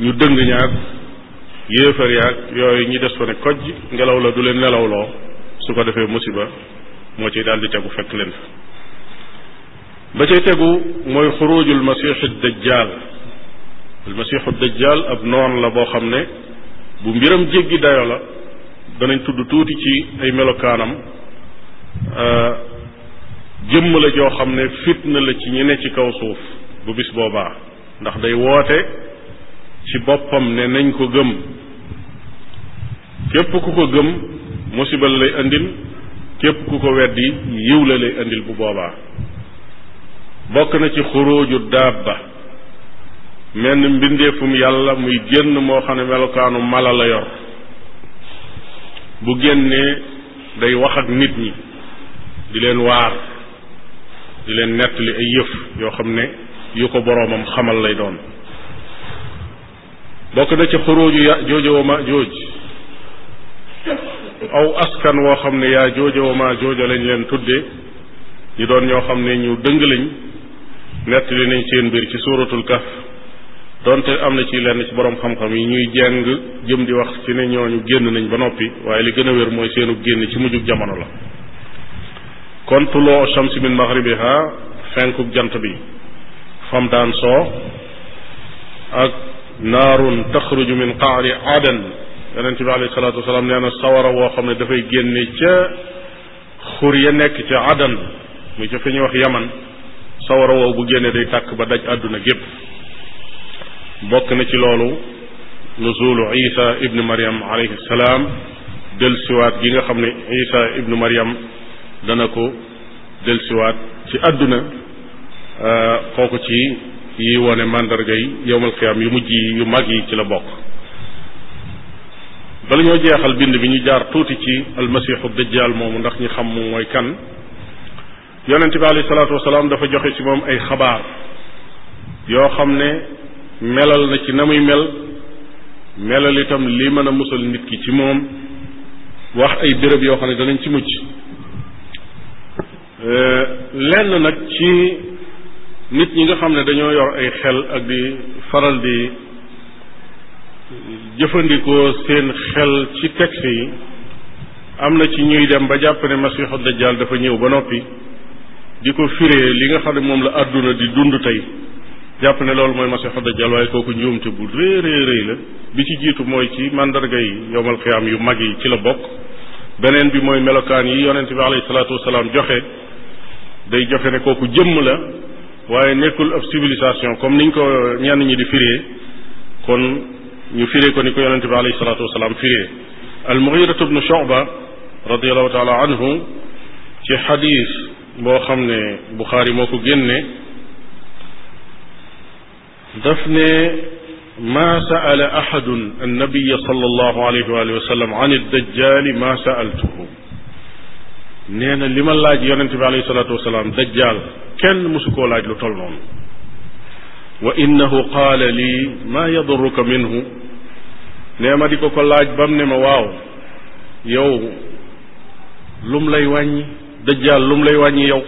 Speaker 1: ñu dëng ñaag yéefar yaag yooyu ñu des fa ne kojj ngelaw la du leen nelawloo su ko defee musiba moo ci daal di tegu fekk leen ba cay tegu mooy xurujul masiixu dajjal al masiixu dajjal ab noon la boo xam ne bu mbiram jéggi dayo la danañ tudd tuuti ci ay melokaanam euh, jëmm la joo xam ne fitna la ci ñi ne ci kaw suuf bu bis boobaa ndax day woote ci boppam ne nañ ko gëm képp ku ko gëm musibal lay andil képp ku ko weddi yiw la lay andil bu boobaa bokk na ci xuruuju daabba menn mbindeefum yàlla muy génn moo xam ne melokaanu mala la yor bu génnee day wax ak nit ñi di leen waar di leen nettali ay yëf yoo xam ne yu ko boroomam xamal lay doon bokk na ci xuruuju ya jooja jooj aw askan woo xam ne yaa jooja wa ma lañ leen tudde ñu doon ñoo xam ne ñu dëng lañ nettali nañ seen mbir ci suuratul kaf donte am na ci lenn ci borom xam-xam yi ñuy jàng jëm di wax ci ne ñooñu génn nañ ba noppi waaye li gën a wér mooy seenu génn ci mujjug jamono la kon tuloo shamsi min maghribiha fenkub jant bi fam daan soo ak naarun taxruju min qaari adan yonente bi alayhi salaatu wasalaam nee na sawara woo xam ne dafay génne ca xur ya nekk ca adan muy ca fi ñuy wax yaman sawara woow bu génnee day tàkk ba daj àdduna gépp bokk na ci loolu nuzulu isa ibnu mariam alayhi salaam delsiwaat gi nga xam ne isa ibnu mariam dana ko delsiwaat ci àdduna euh, kooku ci yi wone màndarga yi yowmal xiyaam yu mujj yi yu mag yi ci la bokk bala ñoo jeexal bind bi ñu jaar tuuti ci almasiixu dajjaal moomu ndax ñi xam moom mooy kan yonente bi alayhi salaatu wasalaam dafa joxe ci moom ay xabaar yoo xam ne melal na ci na muy mel melal itam li mën a musal nit ki ci moom wax ay béréb yoo xam ne danañ ci mucc euh, lenn nag ci nit ñi nga xam ne dañoo yor ay xel ak di faral di jëfandikoo seen xel ci texte yi am na ci ñuy dem ba jàpp ne masiixu dajjaal dafa ñëw ba noppi di ko firee li nga xam ne moom la àdduna di dund tey jàpp ne loolu mooy masiixu dajjal waaye kooku njuumte bu rëy rëy rëy la bi ci jiitu mooy ci mandarga yi yowmal xiyaam yu mag yi ci la bokk beneen bi mooy melokaan yi yonent bi alayhi salaatu wasalaam joxe day joxe ne kooku jëmm la waaye nekkul ab civilisation comme niñ ko ñenn ñi di firee kon ñu firee ko ni ko yonent bi alayhi salaatu wasalaam firee al mughiratu bnu shuba radiallahu taala anhu ci xadis boo xam ne Buxaari moo ko génne daf ne ma saala ahadun annabiya sallallahu alayhi wa sallam an addajjaali ma saaltuhu nee na li ma laaj yonente bi alayhi salatu wasalaam dajjaal kenn mosu koo laaj lu tol noonu wa innahu qaala lii maa yaduruka minhu nee ma di ko ko laaj bam ne ma waaw yow lum lay wàññi dajjaal lu mu lay wàññi yow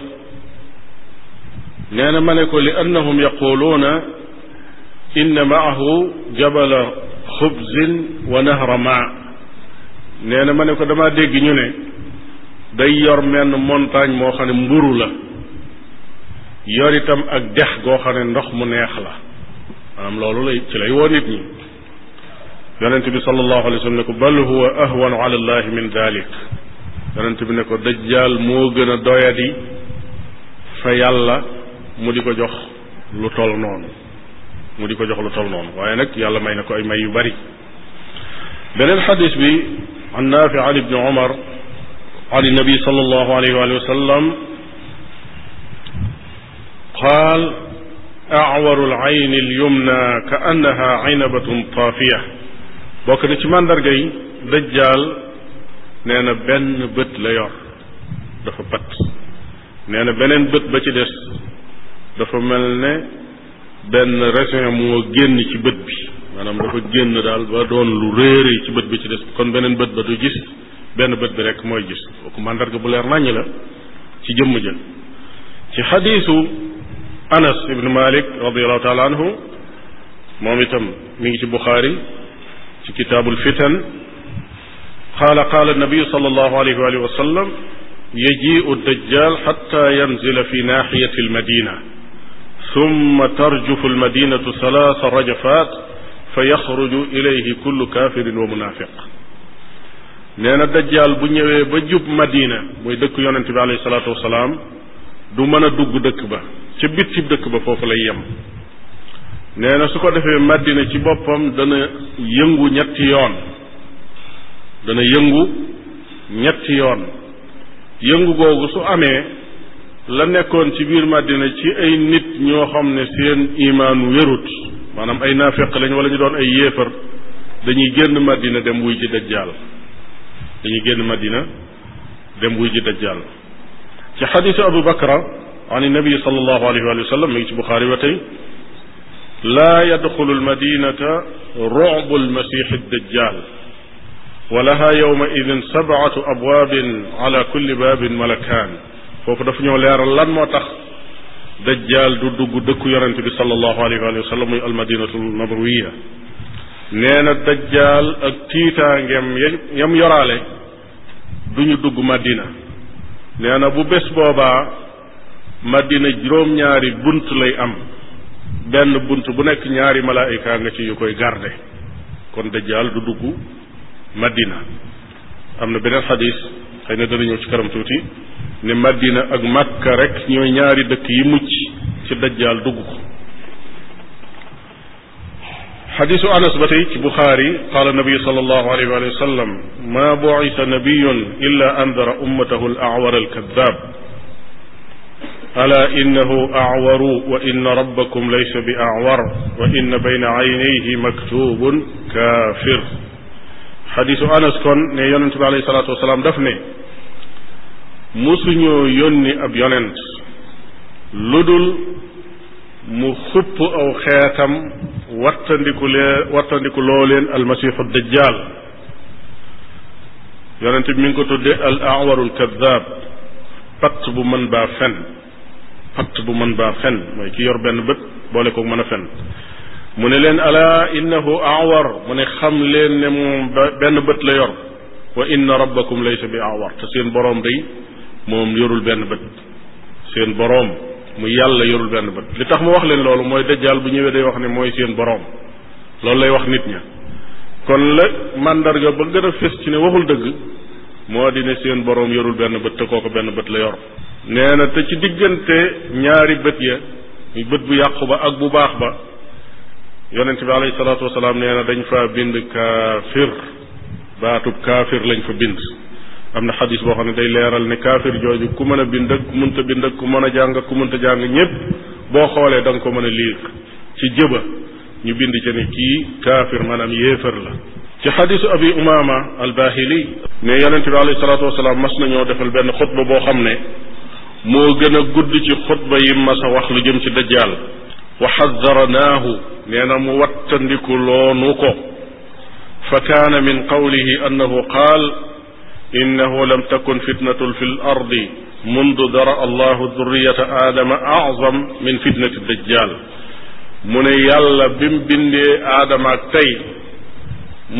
Speaker 1: nee ma ne ko li annahum yaquluuna inna maahu jabala xubzin wa nahra maa nee na ma ne ko dama dégg ñu ne day yor menn montagne moo xam ne mburu la yor itam ak dex goo xam ne ndox mu neex la maanaam loolu lay ci lay woo nit ñi yonente bi sallallahu alayhi wa sallam ne ko bal huwa ahwanu ala allahi min dalik yonent bi ne ko dajjaal moo gën a doyadi fa yàlla mu di ko jox lu toll noonu mu di ko jox lu toll noonu waaye nag yàlla may na ko ay may yu bari beneen xadis bi an naafi an ibni omar an nabi sal allahu alayhi waalihi wa sallam qaal awaru layn lyumna ka annaha aynabatun taafiya bokk na ci màndarga yi dajjaal nee na benn bët la yor dafa pat nee na beneen bët ba ci des dafa mel ne benn raisin moo génn ci bët bi maanaam dafa génn daal ba doon lu réere ci bët bi ci des kon beneen bët ba du gis benn bët bi rekk mooy gis kooku mandarga bu leer naññ la ci jëmm jën ci xadiisu anas ibn malik radiallahu taala anhu moom itam mi ngi ci buxaari ci kitaabul fitan qaala qaala nabiyu sal allahu alayhi wa alihi wa sallam yajiu dajjal xata yanzila fi naaxiyati almadina summa tarjufu almadinatu salaasa rajafat fa yaxruju ilayhi kullu kaafirin wa munaafiq nee na dajjaal bu ñëwee ba jub madina mooy dëkk yonente bi alayhi salaatu wasalaam du mën a dugg dëkk ba ca bitib dëkk ba foofu lay yem nee na su ko defee madina ci boppam dana yëngu ñetti yoon dana yëngu ñetti yoon yëngu googu su amee la nekkoon ci biir màddina ci ay nit ñoo xam ne seen imaan wérut maanaam ay naafeq lañ wala ñu doon ay yéefar dañuy génn Madina dem wuy ji dajjaal dañuy génn màddina dem wuy ji dajjaal ci xadiisu Abu Bakra an nabi sallallahu alayhi wa sallam mi ngi ci Buxaari ba tey laa yadxulu almadinata ru'bu almasixi dajjaal wa laha yowma idin sabaatu abwaabin ala kulli baabin malakaan foofu dafa ñëw leeral lan moo tax dajjaal du dugg dëkku yonente bi sallallahu alayhi wa sallam muy almadinatu nabawiya nee na dajjaal ak tiitaangeem yam yoraale duñu dugg madina nee na bu bés boobaa madina juróom-ñaari bunt lay am benn bunt bu nekk ñaari malaayika nga ci yu koy garde kon dajjaal du dugg madina am na beneen xadis xëy na dana ñëw ci kanam tuuti ne madina ak makka rek ñooy ñaari dëkk yi mucc ci dajjaal dugg ko xadisu anas ba tey ci buxaari qaala nabiyu sal allahu alayhi wa sallam maa buisa nabiyun illa andara ummatahu al awara al kadab ala innahu awaru wa inna rabbakum laysa bi awar wa inna bayna aynayhi maktubun kaafir xadiisu anas kon ne yonent bi alayhi salaatu wasalaam daf ne mosuñoo yónni ab yonent lu dul mu xupp aw xeetam wattandiku lee wattandiku loo leen almasiixu dajjaal yonent bi mi ngi ko tuddee al awarul kaddaab patt bu mën baa fen patt bu mën baa fen mooy ki yor benn bët boole ko mën a fen mu ne leen ala innahu awar mu ne xam leen ne moom benn bët la yor wa inna rabbakum laysa bi awar te seen boroom day moom yorul benn bët seen boroom mu yàlla yorul benn bët li tax mu wax leen loolu mooy dajjaal bu ñëwee day wax ne mooy seen boroom loolu lay wax nit ña kon la màndarga ba gën a fés ci ne waxul dëgg moo di ne seen boroom yorul benn bët te kooku benn bët la yor nee te ci diggante ñaari bët ya bët bu yàqu ba ak bu baax ba yonent bi alayhi salaatu wasalaam nee na dañ fa bind kaafir baatub kaafir lañ fa bind am na xadis boo xam ne day leeral ne kaafir jooju ku mën a bind ak ku mënta bind ak ku mën a jàng ak ku mënta jàng ñépp boo xoolee danga ko mën a liir ci jëba ñu bind ca ne kii kaafir maanaam yéefar la ci xadisu abi umama albahili ne yonente bi alayhi salaatu wasalaam mas nañoo defal benn xutba boo xam ne moo gën a gudd ci xutba yi mas a wax lu jëm ci dajjaal wa xaddaranaahu nee na mu wattandiku loonu ko fa kaana min qawlihi annahu qaal innahu lam takun fitnatun fi l ardi mundu dara allahu durriyata aadama azam min fitnati dajjal mu ne yàlla bi mu bindee aadama ak tey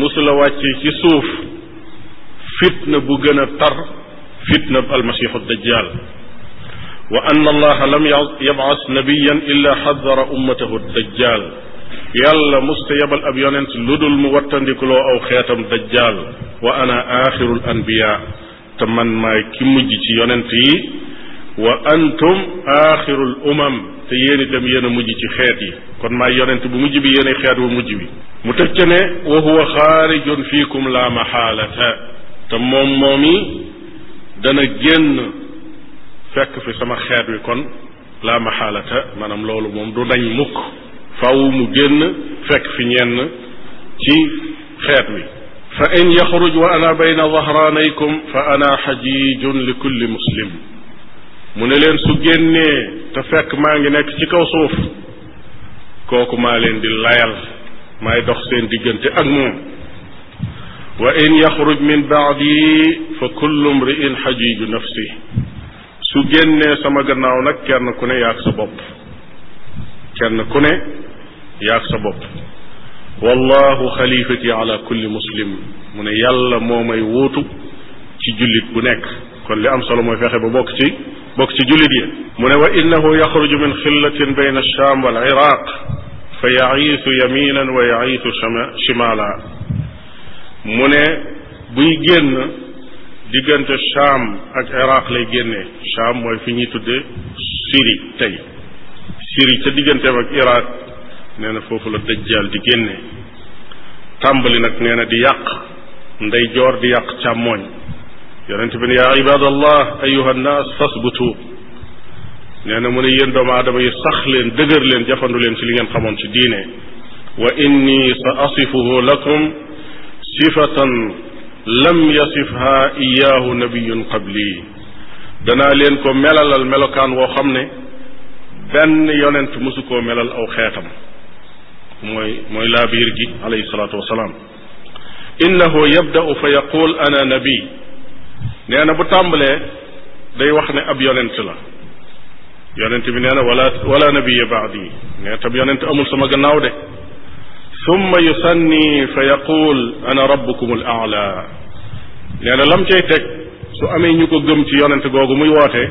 Speaker 1: musula wàcce ci suuf fitna bu gën a tar fitna almasiixu dajjal wa anna allaha lam yabas nabiyan illa xadara ummatahu dajjal yàlla musta yebal ab yonent lu dul mu wattandikuloo aw xeetam dajjal wa ana axirul anbiya te man maay ki mujj ci yonent yi wa antum axirul umam te yéen itam yéen a mujj ci xeet yi kon maay yonent bu mujj bi yéen ay xeet bu mujj bi mu tëj ca ne wa huwa xaarijun fiikum la maxaalata te moom moom yi dana génn fekk fi sama xeet wi kon la maxaalata maanaam loolu moom du dañ mukk faw mu génn fekk fi ñenn ci xeet wi fa in yaxruj wa ana bayna dahranaykum fa ana xajijun li kulli muslim mu ne leen su génnee te fekk maa ngi nekk ci kaw suuf kooku maa leen di layal maay dox seen diggante ak moom wa in yaxruj min baadi fa kullu mriin xajiiju nafsi su génnee sama gannaaw nag kenn ku ne yaag sa bopp kenn ku ne yaag sa bopp wallahu xalifati ala kulli muslim mu ne yàlla moo may wóotu ci jullit bu nekk kon li am solo mooy fexe ba bokk ci bokk ci jullit yi mu ne wa innahu yaxruju min xillatin bayn alsham wal iraq fa yaiisu yaminan wa yaiisu shimala mu ne buy génn diggante Cham ak Iraq lay génnee Cham mooy fi ñuy tuddee Syrie tey Syrie ca digganteem ak Iraq nee na foofu la dajjaal di génnee tàmbali nag nee na di yàq ndey joor di yàq càmmooñ yonente bi ne yaa ibadallah ayuha nnaas fasbutu nee na mu ne yéen doomu aadama yi sax leen dëgër leen jafandu leen ci li ngeen xamoon ci diine wa inni sa asifuhu lakum sifatan lam yasifha iyaahu nabiyun qabli danaa leen ko melalal melokaan woo xam ne benn yonent mosu koo melal aw xeetam mooy mooy laabiir gi alayhi salaatu wasalaam innahu yabda'u fa yaqul ana nabi nee na bu tàmbalee day wax ne ab yonent la yonent bi nee na wala wala nabiya baadi nee tam yonent amul sama gannaaw de summa yusanni fa yaqul ana rabbukum al aala nee na lam cay teg su amee ñu ko gëm ci yonent googu muy woote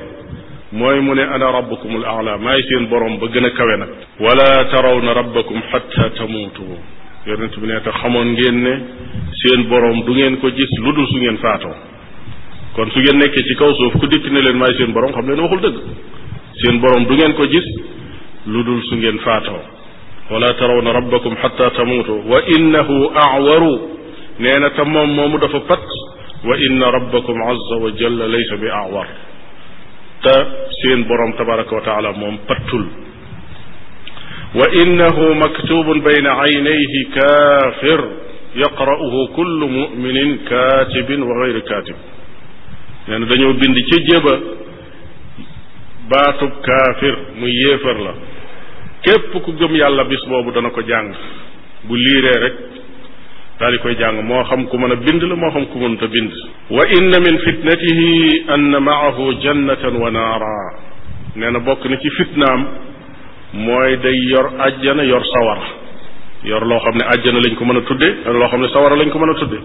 Speaker 1: mooy mu ne ana rabbukum al aala maay seen boroom ba gën a kawe nag wala tarawna rabbakum xatta tamuutu yonent bi nee te xamoon ngeen ne seen borom du ngeen ko gis lu dul su ngeen faatoo kon su ngeen nekkee ci kaw suuf ku dikk ne leen maay seen boroom xam leen waxul dëgg seen borom du ngeen ko gis lu dul su ngeen faatoo wala tarawna rabbakum xata tamuutu wa innahu awaru nee na te moom moomu dafa pat wa inna rabbakum azza wa jalla laysa bi awar te seen borom tabaraka wa taala moom pattul wa innahu maktubun bayna aynayhi kaafir yaqra'uhu kullu muminin kaatibin wa gayri kaatib nee na dañoo bind ca jéba baatub kaafir muy yéefar la képp ku gëm yàlla bis boobu dana ko jàng bu liiree rek daal di koy jàng moo xam ku mën a bind la moo xam ku mënta bind wa inna min fitnatihi ann maahu jannatan wa naara nee na bokk na ci fitnaam mooy day yor àjjana yor sawara loo xam ne àjjana lañ ko mën a tudde loo xam ne sawara lañ ko mën a tudde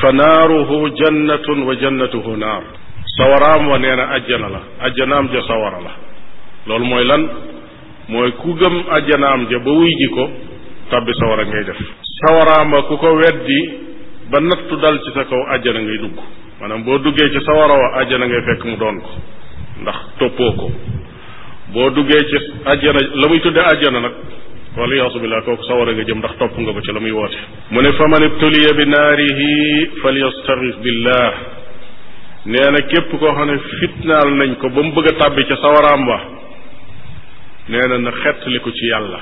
Speaker 1: fa naaruhu jannatun wa jannatuhu naar sawaraam na àjjana la àjjanaam ja sawara la loolu mooy lan mooy ku gëm ajjanaam ja ba wuy ji ko tabbi sawara ngay def sawaraama ku ko weddi ba nattu dal ci sa kaw ajjana ngay dugg maanaam boo duggee ci sawara wa ajjana ngay fekk mu doon ko ndax toppoo ko boo duggee ci ajjana la muy tudde ajjana nag waliyaasu billah kooku sawara nga jëm ndax topp nga ko ci la muy woote mu ne faman ibtuliya bi naarihi falyastaxif billah nee na képp koo xam ne fitnaal nañ ko ba mu bëgg a tàbbi ca sawaraam wa nee na na xettaliku ci yàlla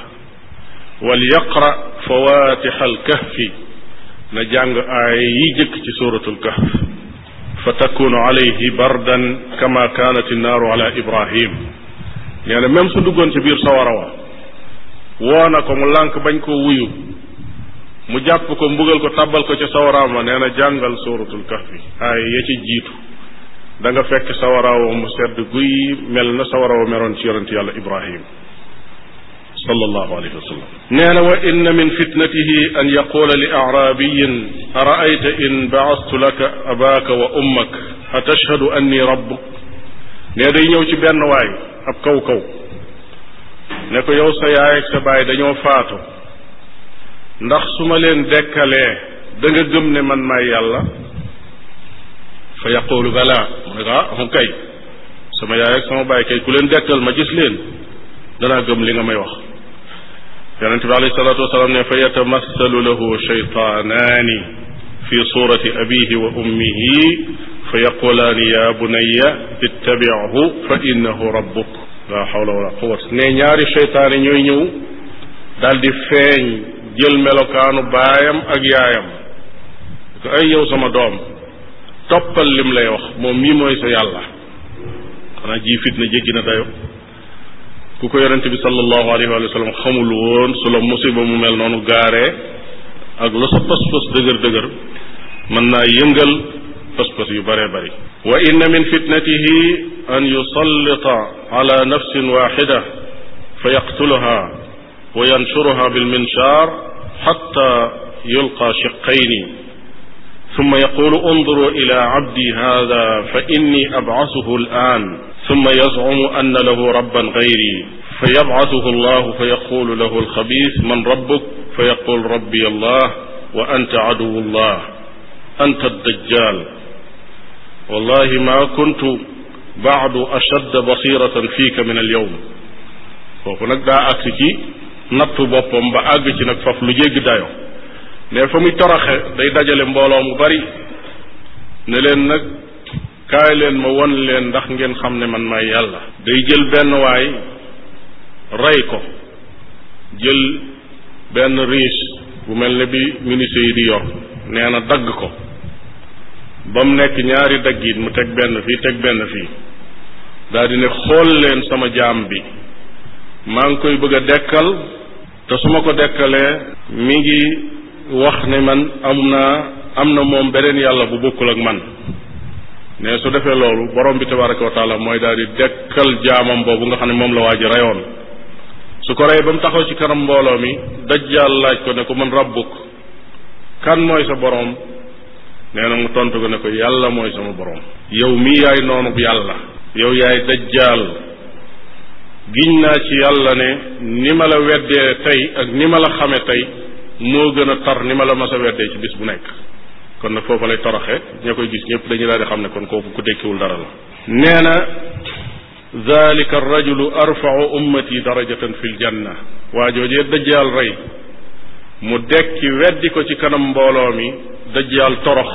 Speaker 1: wal yaqra fawatiha al kahfi na jàng yi jëkk ci suratul kahf fa takunu alayhi bardan kama kaanat innaaru ala ibrahim nee na même su duggoon ci biir sawara wa woo na ko mu lank bañ koo wuyu mu jàpp ko mbugal ko tabal ko ci sawaraama nee na jàngal suratul kahfi aaya ya ci jiitu da nga fekk sawaraawo mu sedd guy mel na sawaraawo meroon ci yonent yàlla ibrahim sallallahu alayhi wa sallam nee na inna min fitnatihi an yaqula li arabiyin araayta in baastu laka abaaka wa ummak atashhadu day ñëw ci benn waay ab kawkaw kaw ne ko yow sa yaay sa baay dañoo faatu ndax su ma leen dekkalee da nga gëm man maay fa yaqulu bala mu ne ko ah am kay sama yaay ak sama baay kay ku leen dekkal ma gis leen danaa gëm li nga may wax yonent bi alayhi salaatu wasalaam ne fa yatamassalu lahu shaytaanaani fi surati abihi wa ummihi fa yaqulaani ya bunayya ittabiahu fa innahu rabbuk la xawla wala quwat ne ñaari sheytaane ñooy ñëw daal di feeñ jël melokaanu baayam ak yaayam ko ay yow sama doom toppal lim lay wax moom mii mooy sa yàlla xanaa ji fitna jéggi na dayo ku ko yonente bi sallallahu alayhi su la musiba mu mel noonu gaaree ak lu sa pas-pas dëgër dëgër mën yu bëree bëri wa min fitnatihi an yusallita ala nafsin waxida fa yaqtuluha wa yansuruha bilminchar xatta yulqa shiqayni summa yaqulu unduru ila abdi hada fa inni abcasuhu alaan summa yazcumu anna lahu rabban gayri fa yabcasuhu allahu fa yaqulu lahu alxabis man rabbuk fa yaqul rabbi allah wa anta aduwu llah anta addajjal wallahi ma kuntu baadu ashadda basiratan fiika min alyawm foofu nag daa àgg ci nattu boppam ba àgg ci nag faf lu jégg dayo ne fa muy toroxe day dajale mbooloo mu bari ne leen nag kaay leen ma won leen ndax ngeen xam ne man maay yàlla day jël benn waay rey ko jël benn riis bu mel ne bi ministre yi di yor nee na dagg ko ba mu nekk ñaari dagg mu teg benn fii teg benn fii daldi ne xool leen sama jaam bi maa ngi koy bëgg a dekkal te su ma ko dekkalee mi ngi wax ne man am naa am na moom beneen yàlla bu bokkul ak man ne su defee loolu borom bi tabaraka wa mooy daal di dekkal jaamam boobu nga xam ne moom la waa ji reyoon su ko rey ba mu taxaw ci kanam mbooloo mi dajjaal laaj ko ne ko man rabbuk kan mooy sa borom nee na mu tontu ko ne ko yàlla mooy sama borom yow mii yaay noonu bu yàlla yow yaay dajjaal giñ naa ci yàlla ne ni ma la weddee tey ak ni ma la xame tey moo gën a tar ni ma la mas weddee ci bis bu nekk kon nag foofa lay toroxee ña koy gis ñëpp dañu daal di xam ne kon kooku ku tekkiwul dara la nee na dalika rajulu arfau ummati darajatan fi ljanna waa joojee dajjaal rey mu dekki weddi ko ci kanam mbooloo mi dajjaal torox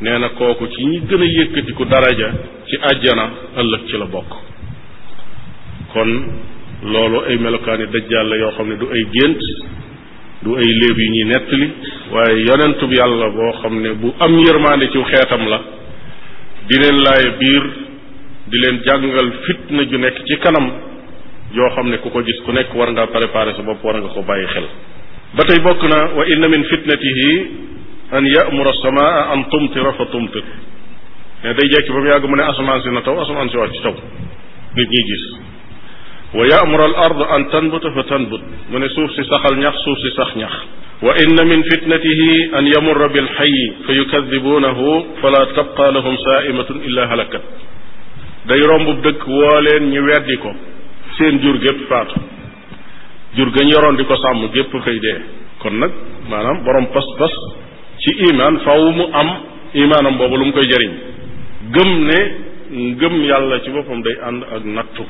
Speaker 1: nee na kooku ci ñi gën a yëkkatiku daraja ci àjjana ëllëg ci la bokk kon loolu ay melokaani dajjaal la yoo xam ne du ay gént du ay léeb yu ñuy nettali waaye yonentub yàlla boo xam ne bu am yërmaande ci xeetam la di leen laay biir di leen jàngal fitna ju nekk ci kanam yoo xam ne ku ko gis ku nekk war ngaa préparer sa bopp war nga ko bàyyi xel ba tey bokk na wa inna min fitnatihi an ya'mura samaa am tumtira fa tumtir ne day jekki ba mu yàgg mu ne asamaan si na taw asamaan si wàcc taw nit ñi gis wa yamuru al ard an tanbuta fa tanbut suuf si saxal ñax suuf si sax ñax wa inna min fitnatihi an yamurra bil xayi fa yukadibuunahu fala tabqa lahum saaimatun dëkk woo ñu weddi ko seen jur gépp faatu jur gañ yoroon di ko sàmm gépp xëy dee kon nag maanaam borom pas-pas ci imaan faw boobu lu koy jëriñ gëm ne ngëm yàlla ci boppam day ànd ak nattu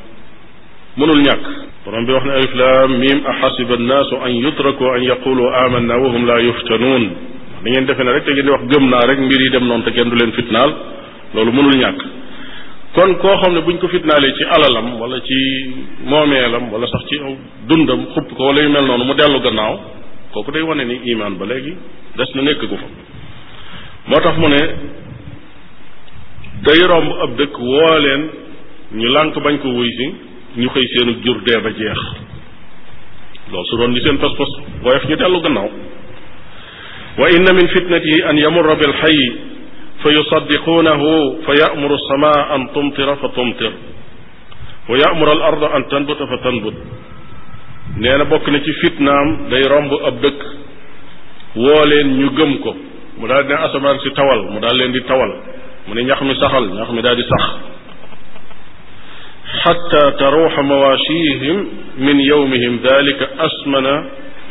Speaker 1: mënul ñàkk borom bi wax ne alif laam miim axasiba annaasu an yutraku an yaqulu amanna wa hum laa yuftanuun da ngeen defe ne rek te ngeen di wax gëm naa rek mbir yi dem noonu te kenn du leen fitnaal loolu mënul ñàkk kon koo xam ne buñ ko fitnaalee ci alalam wala ci moomeelam wala sax ci dundam xupp ko wala yu mel noonu mu dellu gannaaw kooku day wane ni imaan ba léegi des na nekk ko fa moo tax mu ne day romb ab dëkk woo leen ñu lànk bañ ko wuy ñu xëy seenu jur dee ba jeex loolu su doon li seen pas-pas woyof ñu dellu gannaaw wa inna min fitnatihi an yamurra bil xay fa yusaddiquunahu fa yamuru alsamaa an tumtira fa tumtir wa yamuru al arda an tanbuta fa tanbut nee na bokk na ci fitnaam day romb ab dëkk woo leen ñu gëm ko mu daal di ne asamaan si tawal mu daal leen di tawal mu ne ñax mi saxal ñax mi daal di sax xata taruuxa mawaachihim min yowmihim dalika asmana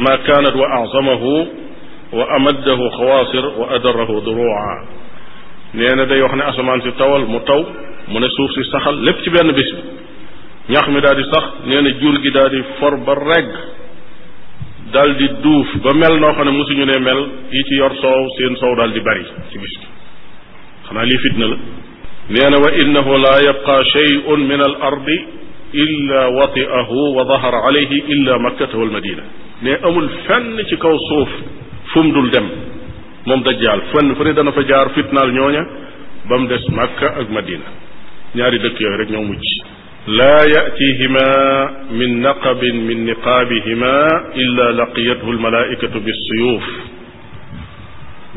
Speaker 1: maa kaanat wa azamahu wa amaddahu xawaasir wa adarahu duruuca nee na day wax ne asamaan si tawal mu taw mu ne suuf si saxal lépp ci benn bis bi ñax mi daal di sax nee na jur gi daal di for ba regg daal di duuf ba mel noo xam ne mosuñu ne mel yi ci yor soow seen soow daal di bari ci bis bi xanaa lii fitna la nee na wa innahu laa yabqa shay'un min al ardi illa wati'ahu wa dahara alayhi illa makkatahu al madina ne amul fenn ci kaw suuf fu mu dul dem moom dajjaal fenn fu ne dana fa jaar fitnaal ñooña ba mu des makka ak madina ñaari dëkk yooyu rek ñoo mujj laa yatihima min naqabin min niqaabihima illa laqiyathu almalaikatu bisuyuf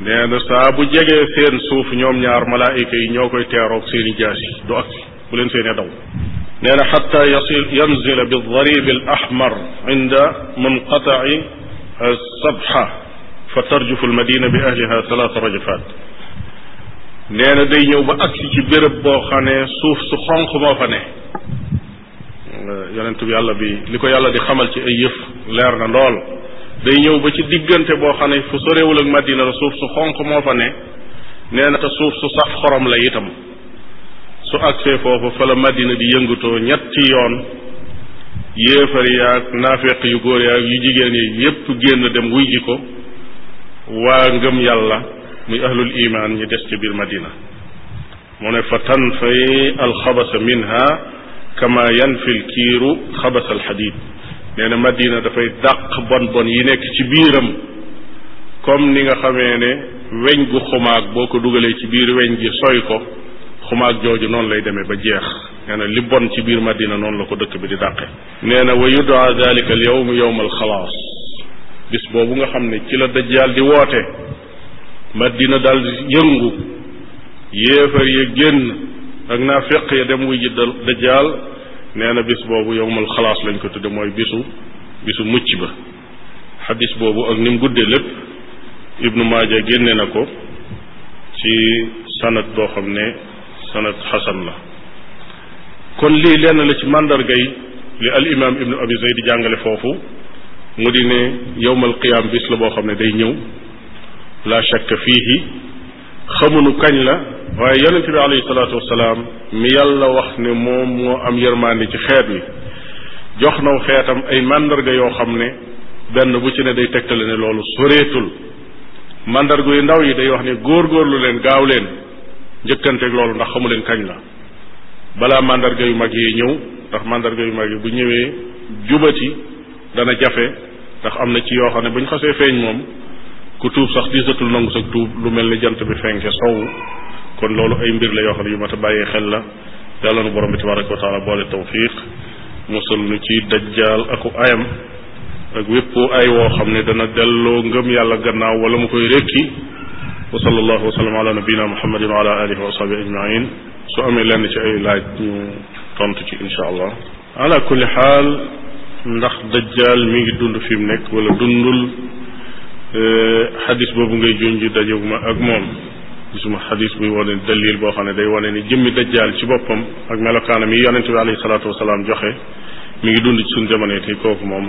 Speaker 1: nee na saa bu jegee seen suuf ñoom ñaar malaayika yi ñoo koy teeroog seeni jaas yi du agsi bu leen seenee daw nee na xata yasil yanzila bi daribi al ahmar inda munqatai sabxa fa tarjufu al madina bi ahliha talaata rajafat nee na day ñëw ba agsi ci béréb boo xam suuf su xonq moo fa ne yonent bi yàlla bi li ko yàlla di xamal ci ay yëf leer na lool day ñëw ba ci diggante boo xam ne fu sorewul ak Madina la suuf su xonq moo fa ne nee na te suuf su saf xorom la itam su agsee foofu fa la Madina di yëngatoo ñetti yoon yéefar yaag naafeq yu góor yaag yu jigéen yi yépp génn dem wuy ji ko waa ngëm yàlla muy ahlul iman ñi des ci biir Madina mu ne fa tanfay alxabasa minha kama yanfi l kiiru xabasa nee na madina dafay dàq bon bon yi nekk ci biiram comme ni nga xamee ne weñ gu xumaag boo ko dugalee ci biir weñ gi soy ko xumaag jooju noonu lay demee ba jeex nee na li bon ci biir madina noonu la ko dëkk bi di dàqe nee na wa yudaa dalika al yawm yawm xalaas bis boobu nga xam ne ci la dajjaal di woote madina dal yëngu yéefar ya génn ak naa feq ya dem wuy ji dajjaal nee na bis boobu yowmal xalaas lañ ko tudde mooy bisu bisu mucc ba xadis boobu ak ni mu guddee lépp ibnu maaja génne na ko ci sanat boo xam ne sanat xasan la kon lii lenn la ci màndargay li al imam ibnu abi jàngale foofu mu di ne yowmal qiyaam bis la boo xam ne day ñëw la shakka fiihi xamuñu kañ la waaye yonent bi alayhi salaatu wasalaam mi yàlla wax ne moom moo am yërmande ci xeet wi jox naw xeetam ay màndarga yoo xam ne benn bu ci ne day tegtale ne loolu soreetul màndarga yu ndaw yi day wax ne góor góorlu leen gaaw leen njëkkanteeg loolu ndax xamu leen kañ la balaa màndarga yu mag yi ñëw ndax màndarga yu mag yi bu ñëwee jubati dana jafe ndax am na ci yoo xam ne bu ñu xasee feeñ moom ku tuub sax diisatul nangu sa tuub lu mel ni jant bi fenke sow kon loolu ay mbir la yoo xam ne yu mat a bàyyee xel la yàlla nu borom bi tabaraka wa taala boole tawfiq musal nu ci dajjaal aku ayam ak wépp ay woo xam ne dana delloo ngëm yàlla gannaaw wala mu koy rékki wa sallallahu wa sallam ala nabiyina muhammadin wa ala alihi wa ashabihi ajmain su amee lenn ci ay laaj ñu tontu ci insha allah ala kulli xaal ndax dajjaal mi ngi fi mu wala dundul Euh, xadis boobu ngay junj dajewuma ak moom gisuma xadis buy wane dalil boo xam ne day wane ni jëmmi dajjaal ci boppam ak melokaanam yi yonente bi alayhi salaatu wasalaam joxe mu ngi dund ci suñu jamono tey kooku moom